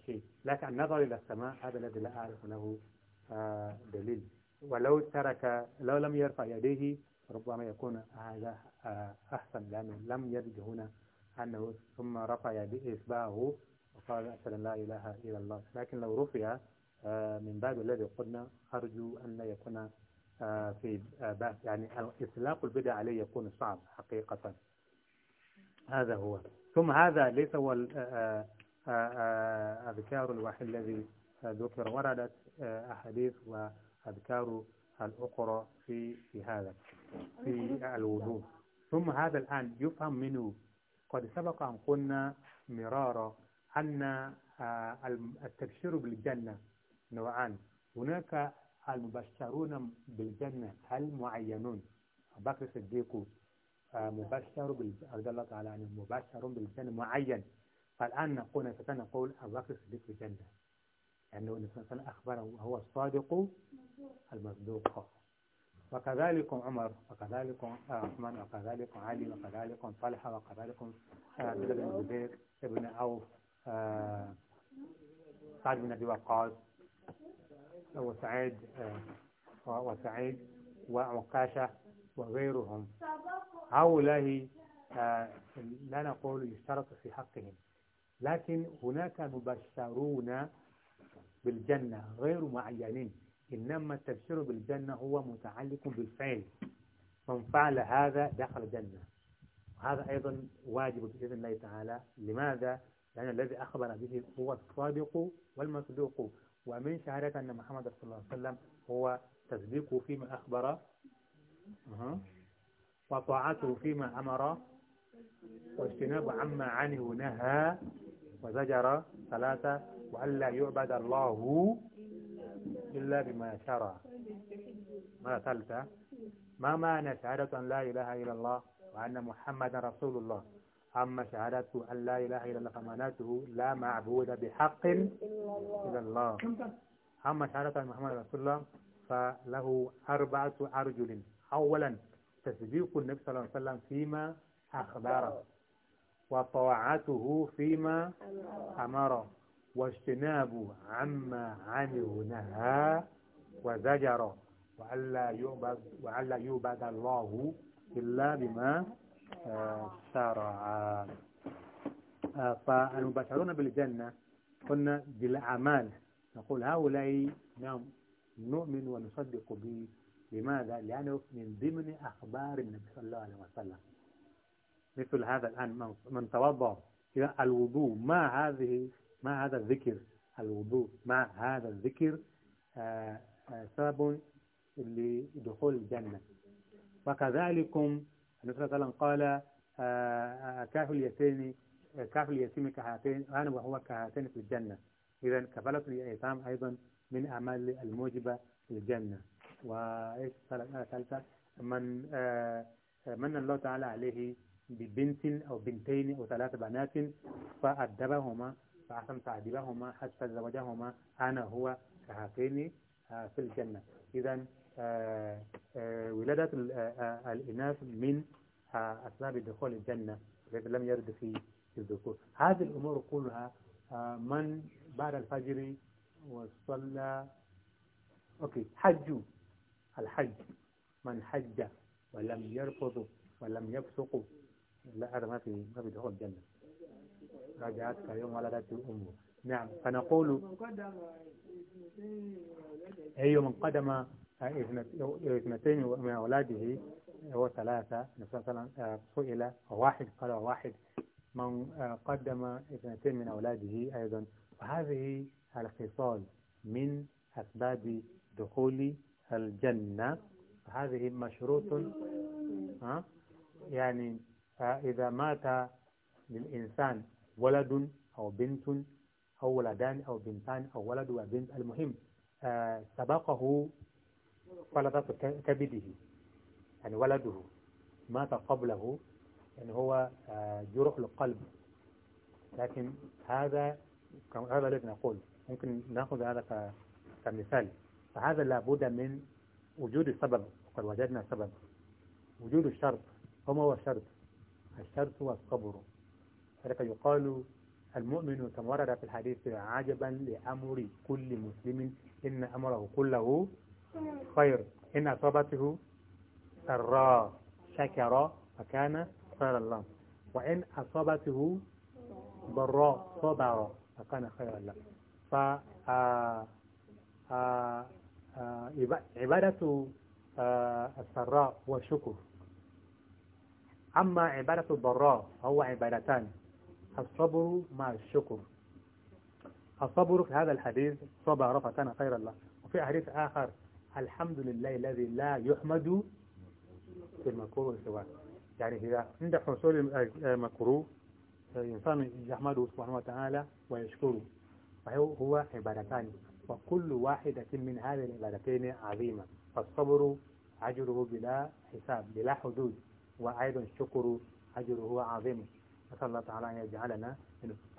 شيء لكن النظر إلى السماء هذا الذي لا أعرف له آه، دليل ولو ترك لو لم يرفع يديه ربما يكون هذا آه، أحسن لأنه لم يرد هنا أنه ثم رفع إصبعه وقال أشهد أن لا إله إلا الله لكن لو رفع آه، من بعد الذي قلنا أرجو أن لا يكون آه، في آه، يعني إطلاق البدع عليه يكون صعب حقيقة هذا هو ثم هذا ليس هو آه، أذكار الوحيد الذي ذكر وردت أحاديث وأذكار الأخرى في في هذا في الوضوء ثم هذا الآن يفهم منه قد سبق أن قلنا مرارا أن التبشير بالجنة نوعان هناك المبشرون بالجنة المعينون أبو بكر الصديق آه، مبشر رضي الله تعالى عنه مبشر بالجنة معين فالآن نقول نستطيع نقول أبو بكر الصديق بالجنة الجنة لأنه النبي صلى الله عليه وسلم أخبره وهو الصادق المصدوق وكذلك عمر وكذلك آه، عثمان وكذلك علي وكذلك طلحة وكذلك سعد آه، بن الزبير ابن عوف سعد بن أبي وقاص وسعيد آه، وسعيد وعكاشة وغيرهم هؤلاء آه، لا نقول يشترط في حقهم لكن هناك مبشرون بالجنة غير معينين إنما التبشير بالجنة هو متعلق بالفعل من فعل هذا دخل الجنة هذا أيضا واجب بإذن الله تعالى لماذا؟ لأن الذي أخبر به هو الصادق والمصدوق ومن شهادة أن محمد صلى الله عليه وسلم هو تصديقه فيما أخبر وطاعته فيما أمر واجتناب عما عنه نهى وزجر ثلاثة وألا يعبد الله إلا بما شرع ما ثالثة ما معنى شهادة أن لا إله إلا الله وأن محمدا رسول الله أما شهادته أن لا إله إلا الله فمعناته لا معبود بحق إلا الله أما شهادات محمد رسول الله فله أربعة أرجل أولا تصديق النبي صلى الله عليه وسلم فيما أخبره وطاعته فيما أمره واجتناب عما عنه نهى وزجر وألا يعبد وألا يعبد الله إلا بما شرعا آه، فالمبشرون بالجنة قلنا بالأعمال نقول هؤلاء نعم نؤمن ونصدق به لماذا؟ لأنه من ضمن أخبار النبي صلى الله عليه وسلم مثل هذا الآن من توضأ إلى الوضوء ما هذه ما هذا الذكر الوضوء ما هذا الذكر آه، آه، سبب لدخول الجنة وكذلكم النبي صلى الله عليه وسلم قال آه، آه، كاف اليتيم كاف اليتيم كهاتين أنا وهو كهاتين في الجنة إذا كفالة الأيتام أيضا من أعمال الموجبة للجنة وإيش ثالثة آه، من من الله تعالى عليه ببنت أو بنتين أو ثلاث بنات فأدبهما فأحسن تعذيبهما حتى زوجهما أنا هو كهاتين في الجنة إذا آه، آه، ولادة آه، الإناث من أسباب دخول الجنة إذا لم يرد في الذكور هذه الأمور كلها من بعد الفجر وصلى أوكي حج الحج من حج ولم يرفض ولم يفسق لا هذا ما في ما في دخول الجنة رجعت كيوم ولدت أمه نعم فنقول أي من قدم اثنتين من أولاده هو ثلاثة مثلا آه، سئل واحد قال واحد من آه، قدم اثنتين من أولاده أيضا وهذه الخصال من أسباب دخول الجنة هذه مشروط ها آه، يعني إذا مات للإنسان ولد أو بنت أو ولدان أو بنتان أو ولد وبنت المهم سبقه ولدت كبده يعني ولده مات قبله يعني هو آه، جرح القلب لكن هذا هذا الذي نقول ممكن ناخذ هذا كمثال فهذا لابد من وجود السبب وقد وجدنا سبب وجود الشرط وما هو الشرط الشرط هو الصبر ذلك يقال المؤمن كما ورد في الحديث عجبا لأمر كل مسلم إن أمره كله خير إن أصابته سرا شكر فكان خير الله وإن أصابته ضراء صبر فكان خيرا له ف عبادة السراء هو الشكر أما عبادة الضراء هو عبادتان الصبر مع الشكر الصبر في هذا الحديث صبر فكان خيرا له وفي حديث آخر الحمد لله الذي لا يحمد في المكروه سواء يعني إذا عند حصول المكروه الإنسان يحمده سبحانه وتعالى ويشكره فهو عبادتان وكل واحدة من هذه العبادتين عظيمة فالصبر أجره بلا حساب بلا حدود وأيضا الشكر أجره عظيم نسأل الله تعالى أن يجعلنا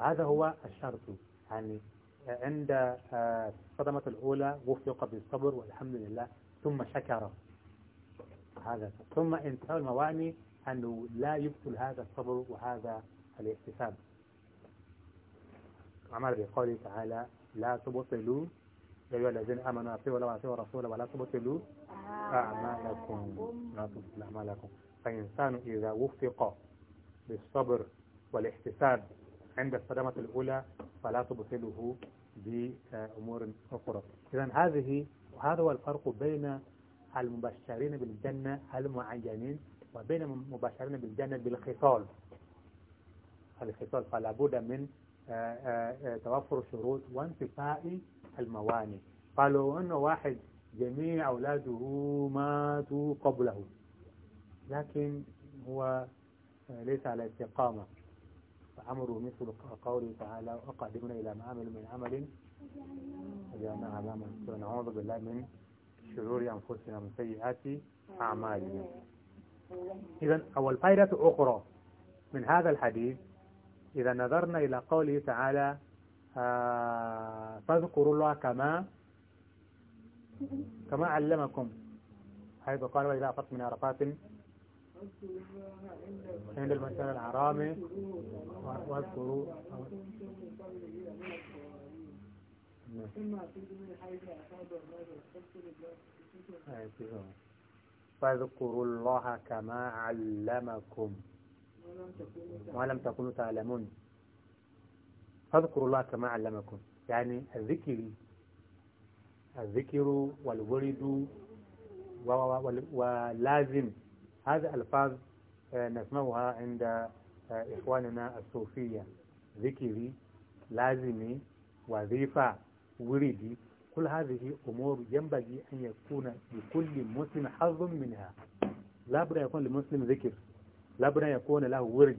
هذا هو الشرط يعني عند الصدمة آه، الأولى وفق بالصبر والحمد لله ثم شكر هذا ثم انتهى المواني أنه لا يبطل هذا الصبر وهذا الاحتساب عمل بقوله تعالى لا تبطلوا يا أيها الذين آمنوا أطيعوا الله وأطيعوا الرسول ولا تبطلوا أعمالكم لا تبطلوا أعمالكم فإنسان إذا وفق بالصبر والاحتساب عند الصدمة الأولى فلا تبطله بأمور أخرى إذا هذه وهذا هو الفرق بين المبشرين بالجنة المعينين وبين المبشرين بالجنة بالخصال الخصال فلا بد من آه، آه، آه، توفر الشروط وانتفاء الموانع قالوا أن واحد جميع أولاده ماتوا قبله لكن هو ليس على استقامة عمرو مثل قوله تعالى وقدمنا إلى ما عملوا من عمل فجعلنا على ما نعوذ بالله من شرور أنفسنا من سيئات أعمالنا إذا أول فائدة أخرى من هذا الحديث إذا نظرنا إلى قوله تعالى آه فاذكروا الله كما كما علمكم حيث قال وإذا أفضت من عرفات عند المسألة العرامي واذكروا فاذكروا الله كما علمكم ولم تكونوا تعلمون فاذكروا الله كما علمكم يعني الذكر الذكر والورد ولازم هذا ألفاظ آه، نسمعها عند آه، إخواننا الصوفية ذكري لازمي وظيفة وردي كل هذه أمور ينبغي أن يكون لكل مسلم حظ منها لا بد يكون لمسلم ذكر لا بد يكون له ورد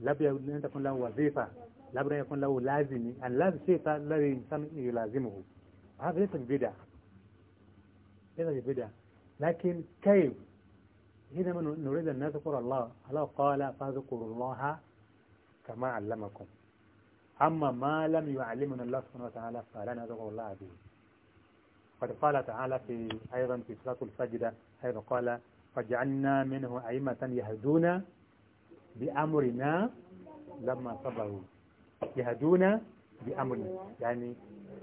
لا بد أن تكون له وظيفة لا بد يكون له لازم أن لازم شيء الذي الإنسان يلازمه هذا ليس بدعة ليس بدعة لكن كيف من نريد أن نذكر الله الله قال فاذكروا الله كما علمكم أما ما لم يعلمنا الله سبحانه وتعالى فلا نذكر الله به قد قال تعالى في أيضا في صلاة الفجر حيث قال فجعلنا منه أئمة يهدون بأمرنا لما صبروا يهدون بأمرنا يعني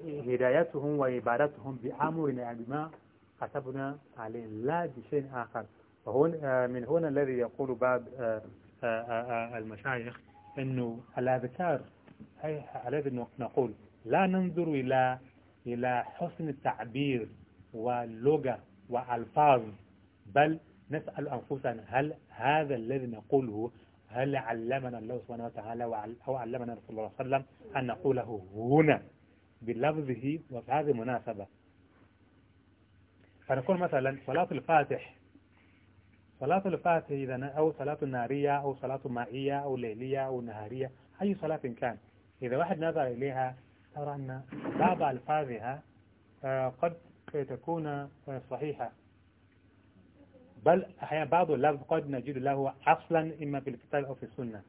هدايتهم وعبادتهم بأمرنا يعني بما كتبنا عليه لا بشيء آخر فهون آه، من هنا الذي يقول بعض آه، آه، المشايخ أنه الأذكار أي الذي نقول لا ننظر إلى إلى حسن التعبير واللغة والألفاظ بل نسأل أنفسنا هل هذا الذي نقوله هل علمنا الله سبحانه وتعالى أو علمنا رسول الله صلى الله عليه وسلم أن نقوله هنا بلفظه وفي هذه المناسبة فنقول مثلا صلاة الفاتح صلاة الفاتح إذا أو صلاة نارية أو صلاة مائية أو ليلية أو نهارية أي صلاة كان إذا واحد نظر إليها ترى أن بعض ألفاظها آه، قد تكون آه، صحيحة بل أحيانا بعض اللفظ قد نجد له أصلا إما في الكتاب أو في السنة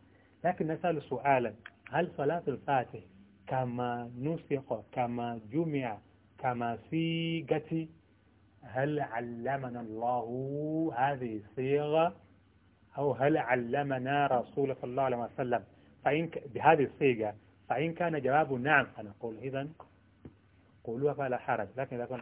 لكن نسأل سؤالا هل صلاة الفاتح كما نسق كما جمع كما سيقتي هل علمنا الله هذه الصيغة أو هل علمنا رسول صلى الله عليه وسلم فإن ك... بهذه الصيغة فإن كان جواب نعم فنقول إذا قولوها فلا حرج لكن إذا كان